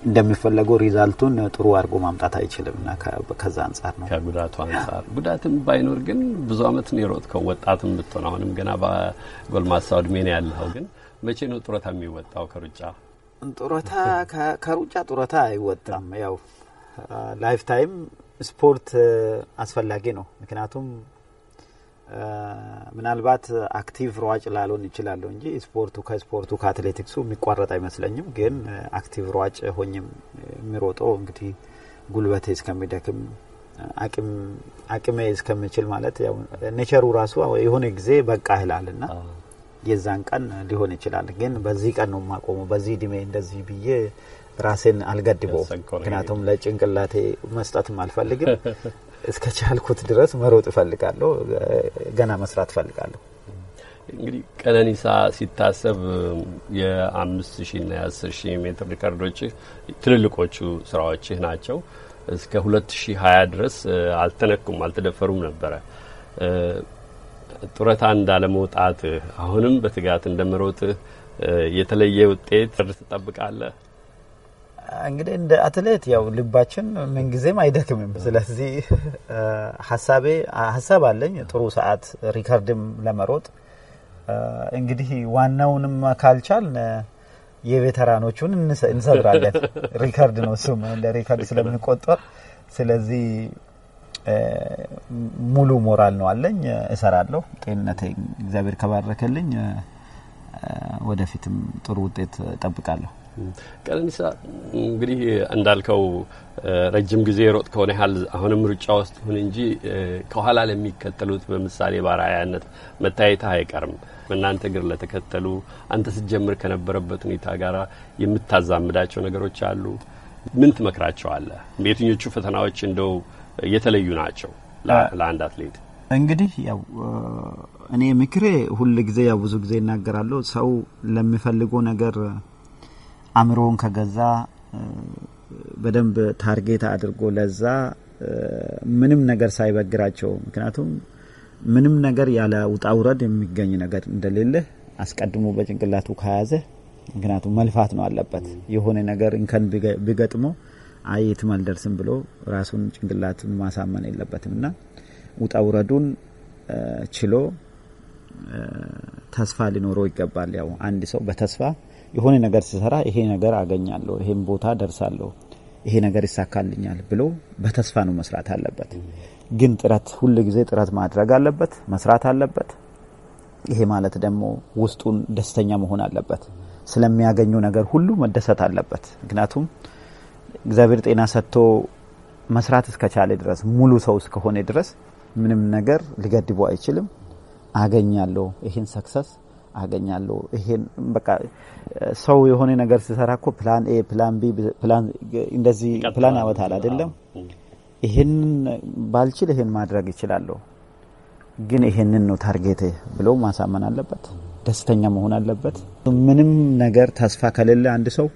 እንደሚፈለገው ሪዛልቱን ጥሩ አድርጎ ማምጣት አይችልም አይችልምና ከዛ አንጻር ነው ከጉዳቱ አንጻር ጉዳትም ባይኖር ግን ብዙ አመት ነው የሮጥከው። ወጣትም ብትሆን አሁንም ገና በጎልማሳ እድሜ ነው ያለኸው። ግን መቼ ነው ጡረታ የሚወጣው ከሩጫ? ጡረታ ከሩጫ ጡረታ አይወጣም። ያው ላይፍ ታይም ስፖርት አስፈላጊ ነው። ምክንያቱም ምናልባት አክቲቭ ሯጭ ላልሆን ይችላለሁ እንጂ ስፖርቱ ከስፖርቱ ከአትሌቲክሱ የሚቋረጥ አይመስለኝም። ግን አክቲቭ ሯጭ ሆኝም የሚሮጠው እንግዲህ ጉልበቴ እስከሚደክም አቅሜ እስከምችል ማለት ኔቸሩ ራሱ የሆነ ጊዜ በቃ ይላል እና የዛን ቀን ሊሆን ይችላል። ግን በዚህ ቀን ነው የማቆመው በዚህ እድሜ እንደዚህ ብዬ ራሴን አልገድበውም። ምክንያቱም ለጭንቅላቴ መስጠትም አልፈልግም። እስከ ቻልኩት ድረስ መሮጥ እፈልጋለሁ። ገና መስራት እፈልጋለሁ። እንግዲህ ቀነኒሳ ሲታሰብ የአምስት ሺ ና የአስር ሺ ሜትር ሪከርዶች ትልልቆቹ ስራዎችህ ናቸው። እስከ ሁለት ሺ ሀያ ድረስ አልተነኩም አልተደፈሩም ነበረ ጡረታ እንዳለመውጣትህ አሁንም በትጋት እንደመሮጥህ የተለየ ውጤት ትጠብቃለህ? እንግዲህ እንደ አትሌት ያው ልባችን ምንጊዜም አይደክምም። ስለዚህ ሀሳቤ ሀሳብ አለኝ ጥሩ ሰዓት ሪከርድም ለመሮጥ እንግዲህ ዋናውንም ካልቻል የቬተራኖቹን እንሰብራለን። ሪከርድ ነው እሱም እንደ ሪከርድ ስለምንቆጠር ስለዚህ ሙሉ ሞራል ነው አለኝ። እሰራለሁ። ጤንነቴ እግዚአብሔር ከባረከልኝ ወደፊትም ጥሩ ውጤት እጠብቃለሁ። ቀነኒሳ እንግዲህ እንዳልከው ረጅም ጊዜ ሮጥ ከሆነ ያህል አሁንም ሩጫ ውስጥ ሁን እንጂ ከኋላ ለሚከተሉት በምሳሌ ባራያነት መታየት አይቀርም። በእናንተ እግር ለተከተሉ አንተ ስትጀምር ከነበረበት ሁኔታ ጋር የምታዛምዳቸው ነገሮች አሉ። ምን ትመክራቸዋለህ? የትኞቹ ፈተናዎች እንደው የተለዩ ናቸው ለአንድ አትሌት? እንግዲህ ያው እኔ ምክሬ ሁል ጊዜ ያው ብዙ ጊዜ ይናገራለሁ ሰው ለሚፈልገው ነገር አእምሮውን ከገዛ በደንብ ታርጌት አድርጎ ለዛ ምንም ነገር ሳይበግራቸው ምክንያቱም ምንም ነገር ያለ ውጣ ውረድ የሚገኝ ነገር እንደሌለ አስቀድሞ በጭንቅላቱ ከያዘ ምክንያቱም መልፋት ነው አለበት የሆነ ነገር እንከን ቢገጥሞ አይ የትም አልደርስም ብሎ ራሱን ጭንቅላት ማሳመን የለበትም እና ውጣ ውረዱን ችሎ ተስፋ ሊኖረው ይገባል። ያው አንድ ሰው በተስፋ የሆነ ነገር ስሰራ ይሄ ነገር አገኛለሁ፣ ይሄን ቦታ ደርሳለሁ፣ ይሄ ነገር ይሳካልኛል ብሎ በተስፋ ነው መስራት አለበት። ግን ጥረት ሁል ጊዜ ጥረት ማድረግ አለበት፣ መስራት አለበት። ይሄ ማለት ደግሞ ውስጡን ደስተኛ መሆን አለበት። ስለሚያገኘው ነገር ሁሉ መደሰት አለበት። ምክንያቱም እግዚአብሔር ጤና ሰጥቶ መስራት እስከቻለ ድረስ ሙሉ ሰው እስከሆነ ድረስ ምንም ነገር ሊገድበው አይችልም። አገኛለሁ ይህን ሰክሰስ አገኛለሁ። ይሄን በቃ ሰው የሆነ ነገር ሲሰራ እኮ ፕላን ኤ፣ ፕላን ቢ፣ ፕላን እንደዚህ ፕላን ያወጣል አይደለም። ይሄንን ባልችል ይሄን ማድረግ ይችላለሁ፣ ግን ይሄንን ነው ታርጌቴ ብሎ ማሳመን አለበት። ደስተኛ መሆን አለበት። ምንም ነገር ተስፋ ከሌለ አንድ ሰው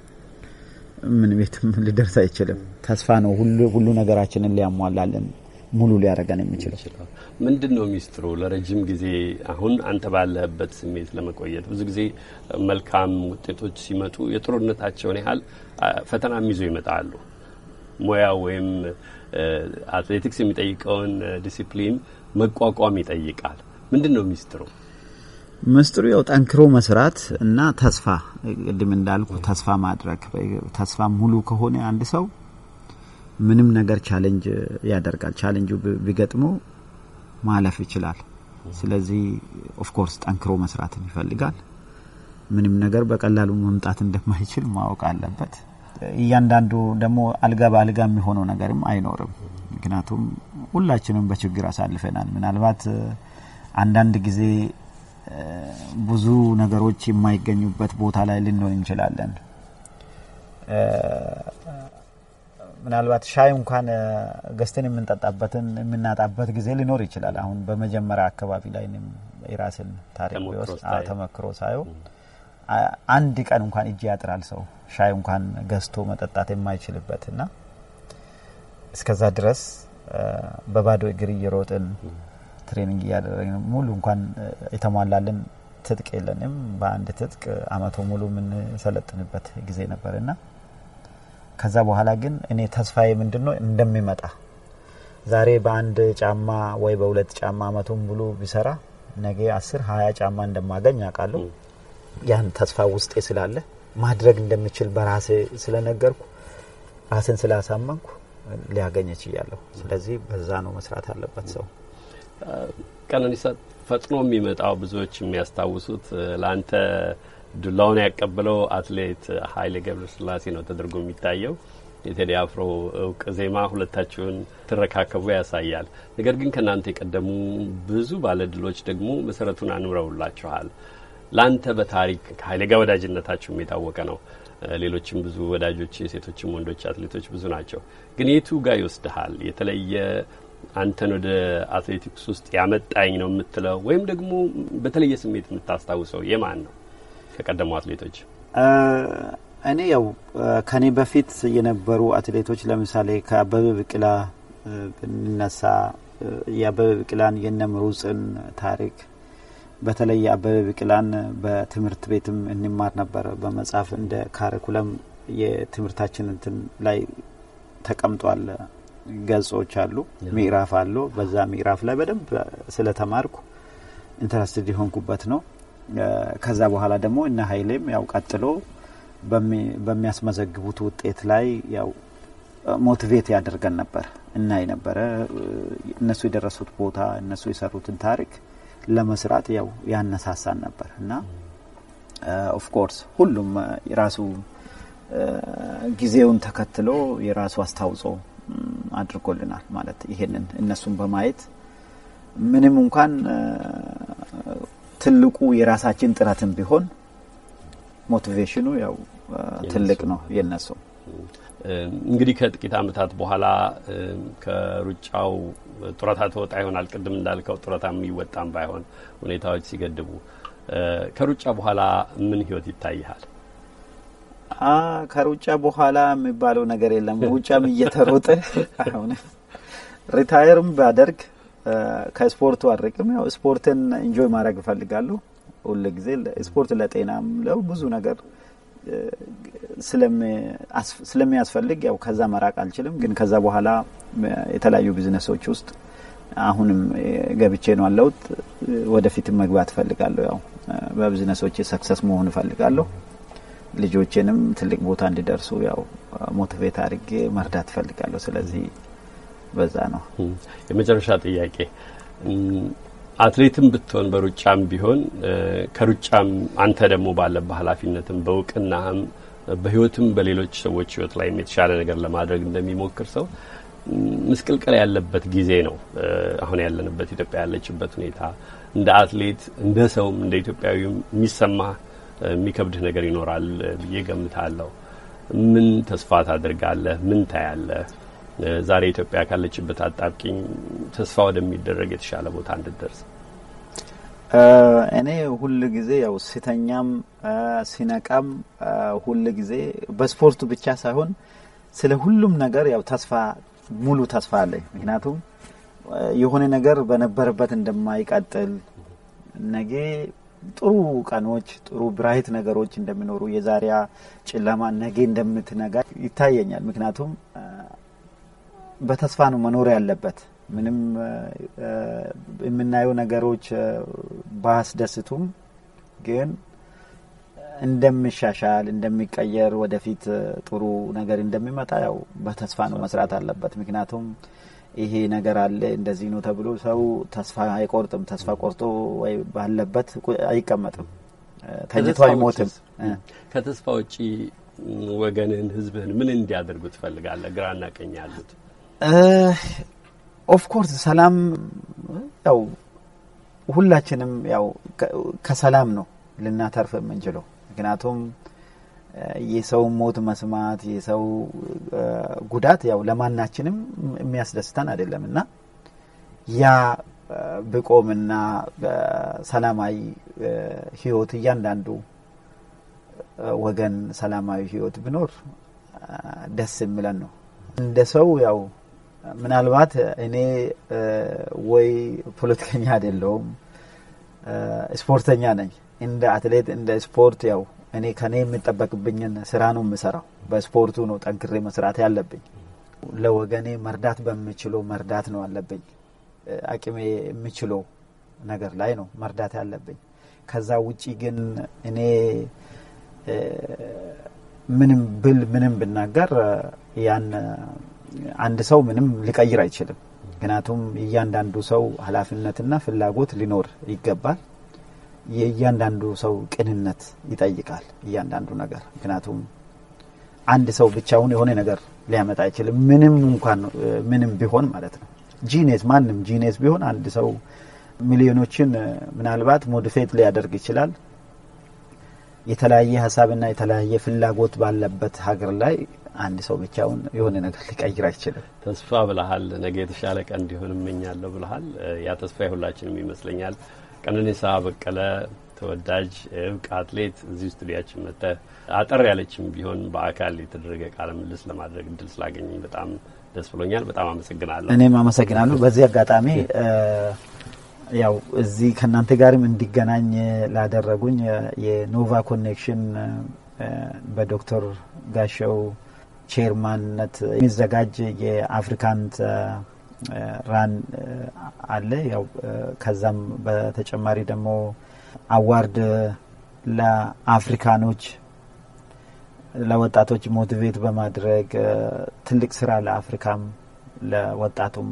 ምን ቤትም ሊደርስ አይችልም። ተስፋ ነው ሁሉ ነገራችንን ሊያሟላልን ሙሉ ሊያደርገን የሚችለው ምንድን ነው? ሚስጥሩ ለረጅም ጊዜ አሁን አንተ ባለህበት ስሜት ለመቆየት ብዙ ጊዜ መልካም ውጤቶች ሲመጡ የጥሩነታቸውን ያህል ፈተናም ይዞ ይመጣሉ። ሙያው ወይም አትሌቲክስ የሚጠይቀውን ዲሲፕሊን መቋቋም ይጠይቃል። ምንድን ነው ሚስጥሩ? ምስጢሩ ያው ጠንክሮ መስራት እና ተስፋ ቅድም እንዳልኩ ተስፋ ማድረግ ተስፋ ሙሉ ከሆነ አንድ ሰው ምንም ነገር ቻሌንጅ ያደርጋል። ቻሌንጁ ቢገጥሞ ማለፍ ይችላል። ስለዚህ ኦፍኮርስ ጠንክሮ መስራትን ይፈልጋል። ምንም ነገር በቀላሉ መምጣት እንደማይችል ማወቅ አለበት። እያንዳንዱ ደግሞ አልጋ በአልጋ የሚሆነው ነገርም አይኖርም። ምክንያቱም ሁላችንም በችግር አሳልፈናል። ምናልባት አንዳንድ ጊዜ ብዙ ነገሮች የማይገኙበት ቦታ ላይ ልንሆን እንችላለን። ምናልባት ሻይ እንኳን ገዝተን የምንጠጣበትን የምናጣበት ጊዜ ሊኖር ይችላል። አሁን በመጀመሪያ አካባቢ ላይ የራስን ታሪክ ቢወስድ ተመክሮ ሳየው አንድ ቀን እንኳን እጅ ያጥራል ሰው ሻይ እንኳን ገዝቶ መጠጣት የማይችልበት እና እስከዛ ድረስ በባዶ እግር እየሮጥን ትሬኒንግ እያደረግን ሙሉ እንኳን የተሟላልን ትጥቅ የለንም። በአንድ ትጥቅ አመቶ ሙሉ የምንሰለጥንበት ጊዜ ነበር እና ከዛ በኋላ ግን እኔ ተስፋዬ ምንድን ነው እንደሚመጣ ዛሬ በአንድ ጫማ ወይ በሁለት ጫማ አመቱን ብሎ ቢሰራ ነገ አስር ሀያ ጫማ እንደማገኝ አውቃለሁ። ያን ተስፋ ውስጤ ስላለ ማድረግ እንደምችል በራሴ ስለነገርኩ ራስን ስላሳመንኩ ሊያገኘች እያለሁ። ስለዚህ በዛ ነው መስራት አለበት ሰው። ቀነኒሳ ፈጥኖ የሚመጣው ብዙዎች የሚያስታውሱት ለአንተ ዱላውን ያቀበለው አትሌት ኃይሌ ገብረስላሴ ነው ተደርጎ የሚታየው። የቴዲ አፍሮ እውቅ ዜማ ሁለታችሁን ትረካከቡ ያሳያል። ነገር ግን ከእናንተ የቀደሙ ብዙ ባለድሎች ደግሞ መሰረቱን አንምረውላችኋል። ለአንተ በታሪክ ከኃይሌ ጋር ወዳጅነታችሁም የታወቀ ነው። ሌሎችም ብዙ ወዳጆች የሴቶችም ወንዶች አትሌቶች ብዙ ናቸው። ግን የቱ ጋር ይወስድሃል? የተለየ አንተን ወደ አትሌቲክስ ውስጥ ያመጣኝ ነው የምትለው ወይም ደግሞ በተለየ ስሜት የምታስታውሰው የማን ነው? ከቀደሙ አትሌቶች? እኔ ያው ከኔ በፊት የነበሩ አትሌቶች ለምሳሌ ከአበበ ብቅላ ብንነሳ የአበበ ብቅላን የነምሩፅን ታሪክ በተለይ የአበበ ብቅላን በትምህርት ቤትም እንማር ነበረ። በመጽሐፍ እንደ ካሪኩለም የትምህርታችን እንትን ላይ ተቀምጧል። ገጾች አሉ፣ ምዕራፍ አሉ። በዛ ምዕራፍ ላይ በደንብ ስለተማርኩ ኢንተረስትድ የሆንኩበት ነው። ከዛ በኋላ ደግሞ እነ ሀይሌም ያው ቀጥሎ በሚያስመዘግቡት ውጤት ላይ ያው ሞቲቬት ያደርገን ነበር እናይ ነበረ እነሱ የደረሱት ቦታ እነሱ የሰሩትን ታሪክ ለመስራት ያው ያነሳሳን ነበር እና ኦፍኮርስ ሁሉም የራሱ ጊዜውን ተከትሎ የራሱ አስታውጾ አድርጎልናል። ማለት ይሄንን እነሱን በማየት ምንም እንኳን ትልቁ የራሳችን ጥረትም ቢሆን ሞቲቬሽኑ ያው ትልቅ ነው የነሱ። እንግዲህ ከጥቂት ዓመታት በኋላ ከሩጫው ጡረታ ተወጣ ይሆናል። ቅድም እንዳልከው ጡረታ የሚወጣም ባይሆን ሁኔታዎች ሲገድቡ ከሩጫ በኋላ ምን ህይወት ይታይሃል? ከሩጫ በኋላ የሚባለው ነገር የለም። ሩጫም እየተሮጠ አሁን ሪታየርም ባደርግ ከስፖርቱ አድርቅም ያው ስፖርትን ኢንጆይ ማድረግ እፈልጋለሁ። ሁል ጊዜ ስፖርት ለጤናም ለው ብዙ ነገር ስለሚያስፈልግ ያው ከዛ መራቅ አልችልም። ግን ከዛ በኋላ የተለያዩ ቢዝነሶች ውስጥ አሁንም ገብቼ ነው አለውት ወደፊትም መግባት እፈልጋለሁ። ያው በቢዝነሶች ሰክሰስ መሆን እፈልጋለሁ። ልጆቼንም ትልቅ ቦታ እንዲደርሱ ያው ሞቲቬት አድርጌ መርዳት እፈልጋለሁ። ስለዚህ በዛ ነው። የመጨረሻ ጥያቄ አትሌትም ብትሆን በሩጫም ቢሆን ከሩጫም አንተ ደግሞ ባለብህ ኃላፊነትም በእውቅናህም በህይወትም በሌሎች ሰዎች ህይወት ላይ የተሻለ ነገር ለማድረግ እንደሚሞክር ሰው ምስቅልቅል ያለበት ጊዜ ነው አሁን ያለንበት ኢትዮጵያ ያለችበት ሁኔታ። እንደ አትሌት እንደ ሰውም እንደ ኢትዮጵያዊም የሚሰማ የሚከብድህ ነገር ይኖራል ብዬ ገምታለሁ። ምን ተስፋ ታደርጋለህ? ምን ታያለህ? ዛሬ ኢትዮጵያ ካለችበት አጣብቂኝ ተስፋ ወደሚደረግ የተሻለ ቦታ እንድትደርስ? እኔ ሁል ጊዜ ያው ሲተኛም ሲነቃም ሁል ጊዜ በስፖርቱ ብቻ ሳይሆን ስለ ሁሉም ነገር ያው ተስፋ ሙሉ ተስፋ አለኝ። ምክንያቱም የሆነ ነገር በነበረበት እንደማይቀጥል ነገ ጥሩ ቀኖች ጥሩ ብራይት ነገሮች እንደሚኖሩ የዛሬ ጨለማ ነገ እንደምትነጋ ይታየኛል። ምክንያቱም በተስፋ ነው መኖር ያለበት። ምንም የምናየው ነገሮች ባያስደስቱም ግን እንደሚሻሻል እንደሚቀየር፣ ወደፊት ጥሩ ነገር እንደሚመጣ ያው በተስፋ ነው መስራት አለበት። ምክንያቱም ይሄ ነገር አለ እንደዚህ ነው ተብሎ ሰው ተስፋ አይቆርጥም። ተስፋ ቆርጦ ወይ ባለበት አይቀመጥም፣ ተኝቶ አይሞትም። ከተስፋ ውጪ ወገንህን፣ ህዝብህን ምን እንዲያደርጉ ትፈልጋለህ? ግራና ቀኝ ያሉት ኦፍኮርስ ሰላም ያው ሁላችንም ያው ከሰላም ነው ልናተርፍ የምንችለው። ምክንያቱም የሰው ሞት መስማት የሰው ጉዳት ያው ለማናችንም የሚያስደስተን አይደለም እና ያ ብቆምና ሰላማዊ ህይወት እያንዳንዱ ወገን ሰላማዊ ህይወት ብኖር ደስ የሚለን ነው እንደ ሰው ያው ምናልባት እኔ ወይ ፖለቲከኛ አይደለውም ስፖርተኛ ነኝ። እንደ አትሌት እንደ ስፖርት ያው እኔ ከኔ የምጠበቅብኝን ስራ ነው የምሰራው። በስፖርቱ ነው ጠንክሬ መስራት ያለብኝ። ለወገኔ መርዳት በምችለው መርዳት ነው አለብኝ። አቅሜ የምችለው ነገር ላይ ነው መርዳት ያለብኝ። ከዛ ውጪ ግን እኔ ምንም ብል ምንም ብናገር ያን አንድ ሰው ምንም ሊቀይር አይችልም። ምክንያቱም እያንዳንዱ ሰው ኃላፊነትና ፍላጎት ሊኖር ይገባል። የእያንዳንዱ ሰው ቅንነት ይጠይቃል እያንዳንዱ ነገር። ምክንያቱም አንድ ሰው ብቻውን የሆነ ነገር ሊያመጣ አይችልም፣ ምንም እንኳን ምንም ቢሆን ማለት ነው። ጂኔስ ማንም ጂኔስ ቢሆን አንድ ሰው ሚሊዮኖችን ምናልባት ሞድፌት ሊያደርግ ይችላል። የተለያየ ሀሳብና የተለያየ ፍላጎት ባለበት ሀገር ላይ አንድ ሰው ብቻውን የሆነ ነገር ሊቀይር አይችልም። ተስፋ ብልሃል፣ ነገ የተሻለ ቀን እንዲሆን እመኛለሁ ብልሃል። ያ ተስፋ የሁላችንም ይመስለኛል። ቀነኒሳ በቀለ ተወዳጅ እብቅ አትሌት እዚህ ስቱዲያችን መጥተህ አጠር ያለችም ቢሆን በአካል የተደረገ ቃለ ምልስ ለማድረግ እድል ስላገኘኝ በጣም ደስ ብሎኛል። በጣም አመሰግናለሁ። እኔም አመሰግናለሁ። በዚህ አጋጣሚ ያው እዚህ ከእናንተ ጋርም እንዲገናኝ ላደረጉኝ የኖቫ ኮኔክሽን በዶክተር ጋሻው ቼርማንነት የሚዘጋጅ የአፍሪካን ራን አለ። ያው ከዛም በተጨማሪ ደግሞ አዋርድ ለአፍሪካኖች ለወጣቶች ሞቲቬት በማድረግ ትልቅ ስራ ለአፍሪካም ለወጣቱም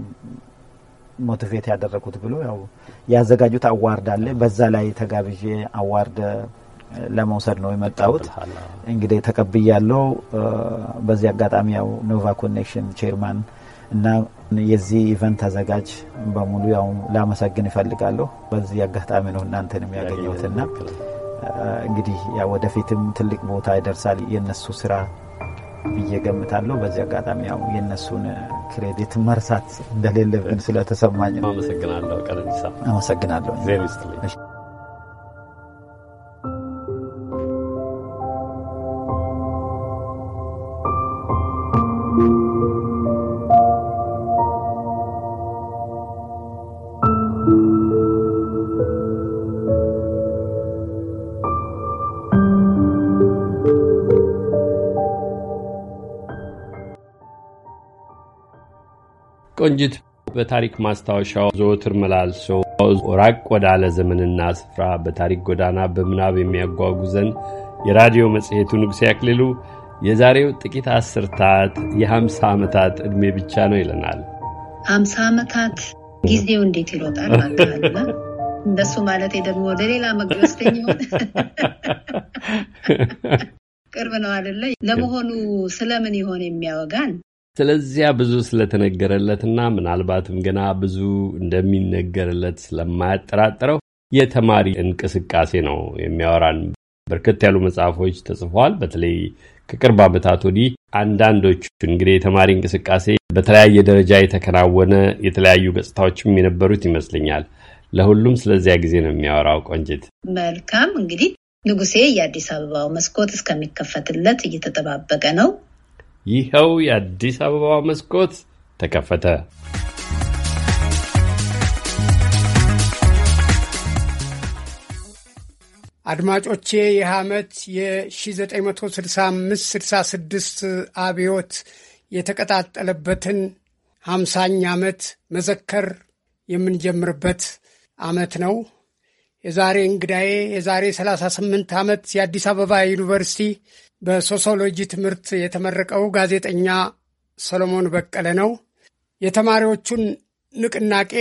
ሞቲቬት ያደረጉት ብሎ ያው ያዘጋጁት አዋርድ አለ። በዛ ላይ ተጋብዤ አዋርድ ለመውሰድ ነው የመጣሁት። እንግዲህ ተቀብያለው። በዚህ አጋጣሚ ያው ኖቫ ኮኔክሽን ቼርማን እና የዚህ ኢቨንት አዘጋጅ በሙሉ ያው ላመሰግን እፈልጋለሁ። በዚህ አጋጣሚ ነው እናንተንም ያገኘሁትና እንግዲህ ወደፊትም ትልቅ ቦታ ይደርሳል የነሱ ስራ ብዬ ገምታለሁ። በዚህ አጋጣሚ ያው የእነሱን ክሬዲት መርሳት እንደሌለብን ስለተሰማኝ ነው። አመሰግናለሁ። ቀነኒሳ አመሰግናለሁ። ቆንጅት በታሪክ ማስታወሻው ዘወትር መላልሶ ራቅ ወዳለ ዘመንና ስፍራ በታሪክ ጎዳና በምናብ የሚያጓጉዘን የራዲዮ መጽሔቱ ንጉሴ ያክልሉ የዛሬው ጥቂት አስርታት የሀምሳ ዓመታት ዕድሜ ብቻ ነው ይለናል። ሀምሳ ዓመታት ጊዜው እንዴት ይሮጣል አለና እንደሱ ማለት ደግሞ ወደ ሌላ መግቢወስተኝ ቅርብ ነው አደለ? ለመሆኑ ስለምን ይሆን የሚያወጋን? ስለዚያ ብዙ ስለተነገረለትና ምናልባትም ገና ብዙ እንደሚነገርለት ስለማያጠራጥረው የተማሪ እንቅስቃሴ ነው የሚያወራን። በርከት ያሉ መጽሐፎች ተጽፈዋል። በተለይ ከቅርብ ዓመታት ወዲህ አንዳንዶቹ እንግዲህ የተማሪ እንቅስቃሴ በተለያየ ደረጃ የተከናወነ የተለያዩ ገጽታዎችም የነበሩት ይመስለኛል። ለሁሉም ስለዚያ ጊዜ ነው የሚያወራው። ቆንጅት፣ መልካም እንግዲህ ንጉሴ የአዲስ አበባው መስኮት እስከሚከፈትለት እየተጠባበቀ ነው። ይኸው የአዲስ አበባ መስኮት ተከፈተ። አድማጮቼ ይህ ዓመት የ1965 66 አብዮት የተቀጣጠለበትን ሀምሳኛ ዓመት መዘከር የምንጀምርበት ዓመት ነው። የዛሬ እንግዳዬ የዛሬ 38 ዓመት የአዲስ አበባ ዩኒቨርሲቲ በሶሶሎጂ ትምህርት የተመረቀው ጋዜጠኛ ሰሎሞን በቀለ ነው። የተማሪዎቹን ንቅናቄ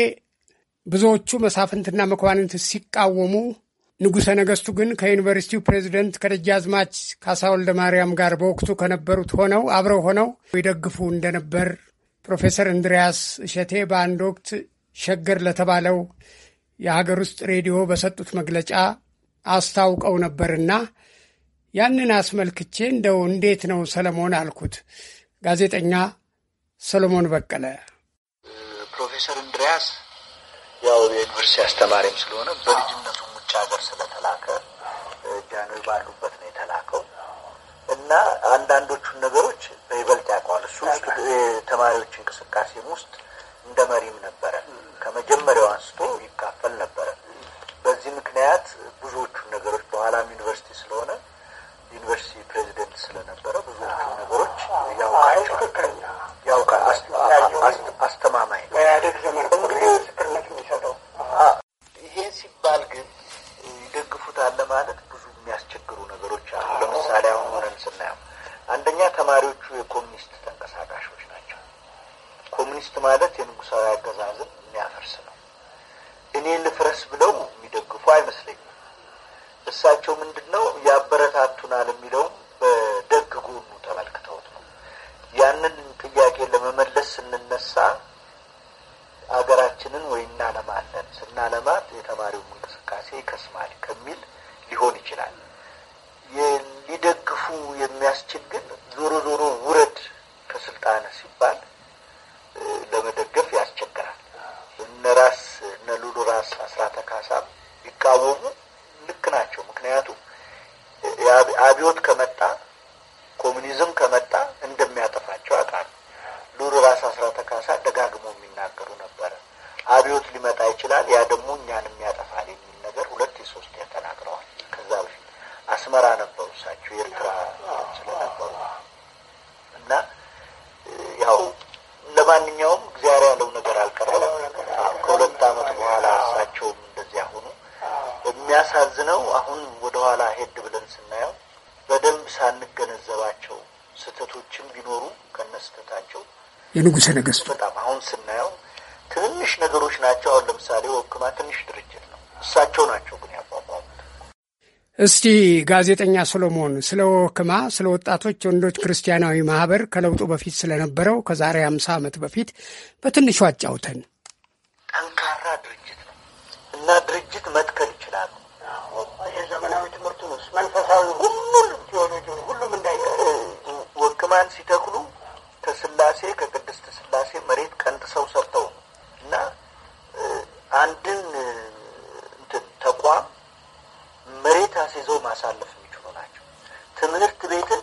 ብዙዎቹ መሳፍንትና መኳንንት ሲቃወሙ፣ ንጉሠ ነገሥቱ ግን ከዩኒቨርሲቲው ፕሬዚደንት ከደጃዝማች ካሳ ወልደ ማርያም ጋር በወቅቱ ከነበሩት ሆነው አብረው ሆነው ይደግፉ እንደነበር ፕሮፌሰር እንድሪያስ እሸቴ በአንድ ወቅት ሸገር ለተባለው የሀገር ውስጥ ሬዲዮ በሰጡት መግለጫ አስታውቀው ነበርና ያንን አስመልክቼ እንደው እንዴት ነው ሰለሞን አልኩት። ጋዜጠኛ ሰለሞን በቀለ ፕሮፌሰር እንድሪያስ ያው የዩኒቨርሲቲ አስተማሪም ስለሆነ በልጅነቱ ውጭ ሀገር ስለተላከ ጃንሆይ ባሉበት ነው የተላከው እና አንዳንዶቹን ነገሮች በይበልጥ ያውቀዋል። እሱ የተማሪዎች እንቅስቃሴም ውስጥ እንደ መሪም ነበረ። ከመጀመሪያው አንስቶ ይካፈል ነበረ። በዚህ ምክንያት ብዙዎቹን ነገሮች በኋላም ዩኒቨርሲቲ ስለሆነ ዩኒቨርሲቲ ፕሬዚደንት ስለነበረ ብዙዎቹ ነገሮች ያውቃቸዋል፣ ያውቃል። አስተማማኝ ሲባል ግን ይደግፉታል ለማለት ብዙ የሚያስቸግሩ ነገሮች አሉ። ለምሳሌ አሁን ሆነን ስናየው አንደኛ ተማሪዎቹ የኮሚኒስት ተንቀሳቃሾች ናቸው። ኮሚኒስት ማለት የንጉሳዊ አገዛዝን የሚያፈርስ ነው። እኔ ልፍረስ ብለው የሚደግፉ አይመስለኝም። እሳቸው ምንድን ነው ያበረታቱናል የሚለውም በደግ ጎኑ ተመልክተውት ነው። ያንን ጥያቄ ለመመለስ ስንነሳ አገራችንን ወይ እናለማለን፣ ስናለማት የተማሪውም እንቅስቃሴ ይከስማል ከሚል ሊሆን ይችላል። ሊደግፉ የሚያስችል ግን ዞሮ ዞሮ ውረድ ከስልጣን ሲባል ለመደገፍ ያስቸግራል። እነ ራስ እነ ሉሉ ራስ አስራተ ካሳም ይቃወሙ ልክ ናቸው። ምክንያቱም አብዮት ከመጣ ኮሚኒዝም ከመጣ እንደሚያጠፋቸው አውቃለሁ። ሉር ራስ አስራ ተካሳ ደጋግሞ የሚናገሩ ነበረ። አብዮት ሊመጣ ይችላል፣ ያ ደግሞ እኛንም ያጠፋል የሚል ነገር ሁለት የሶስት ተናግረዋል። ከዛ በፊት አስመራ ነበሩ እሳቸው የኤርትራ ስለነበሩ እና ያው ለማንኛውም እግዚአብሔር ያለው ነገር አልቀረም። ከሁለት ዓመት በኋላ እሳቸውም የሚያሳዝነው አሁን ወደኋላ ሄድ ብለን ስናየው በደንብ ሳንገነዘባቸው ስህተቶችም ቢኖሩ ከነስህተታቸው የንጉሰ ነገስ በጣም አሁን ስናየው ትንንሽ ነገሮች ናቸው። አሁን ለምሳሌ ወክማ ትንሽ ድርጅት ነው፣ እሳቸው ናቸው ግን ያቋቋሙት። እስቲ ጋዜጠኛ ሰሎሞን ስለ ወክማ፣ ስለ ወጣቶች ወንዶች ክርስቲያናዊ ማህበር ከለውጡ በፊት ስለነበረው ከዛሬ አምሳ ዓመት በፊት በትንሹ አጫውተን። ጠንካራ ድርጅት ነው እና ድርጅት መትከል ይችላሉ። የዘመናዊ ትምህርቱን ውስጥ መንፈሳዊ ሁሉን ቴዎሎጂ ሁሉም እንዳይቀር ወክማን ሲተክሉ ከስላሴ ከቅድስት ስላሴ መሬት ሰው ሰርተው እና አንድን እንትን ተቋም መሬት አስይዘው ማሳለፍ የሚችሉ ናቸው። ትምህርት ቤትን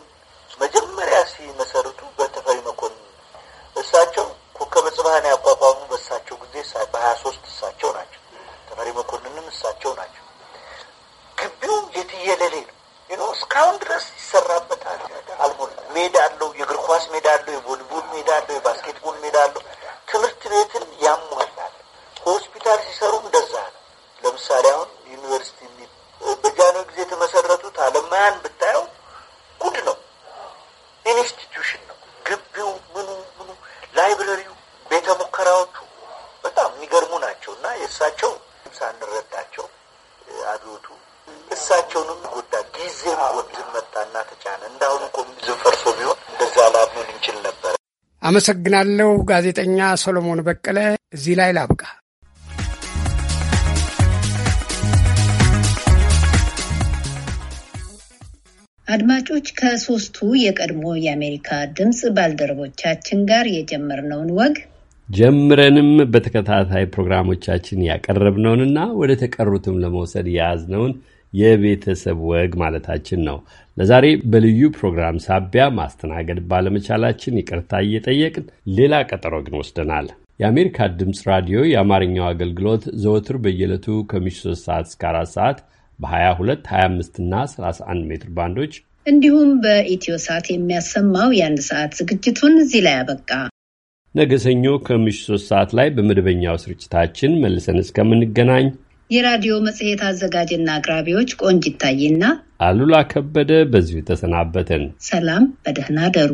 አመሰግናለሁ ጋዜጠኛ ሰሎሞን በቀለ። እዚህ ላይ ላብቃ። አድማጮች ከሶስቱ የቀድሞ የአሜሪካ ድምፅ ባልደረቦቻችን ጋር የጀመርነውን ወግ ጀምረንም በተከታታይ ፕሮግራሞቻችን ያቀረብነውንና ወደ ተቀሩትም ለመውሰድ የያዝነውን የቤተሰብ ወግ ማለታችን ነው። ለዛሬ በልዩ ፕሮግራም ሳቢያ ማስተናገድ ባለመቻላችን ይቅርታ እየጠየቅን ሌላ ቀጠሮ ግን ወስደናል። የአሜሪካ ድምፅ ራዲዮ የአማርኛው አገልግሎት ዘወትር በየዕለቱ ከምሽቱ 3 ሰዓት እስከ 4 ሰዓት በ22፣ 25 እና 31 ሜትር ባንዶች እንዲሁም በኢትዮ ሰዓት የሚያሰማው የአንድ ሰዓት ዝግጅቱን እዚህ ላይ አበቃ። ነገ ሰኞ ከምሽቱ 3 ሰዓት ላይ በመደበኛው ስርጭታችን መልሰን እስከምንገናኝ የራዲዮ መጽሔት አዘጋጅና አቅራቢዎች ቆንጅ ይታይና አሉላ ከበደ በዚሁ ተሰናበትን። ሰላም፣ በደህና ደሩ።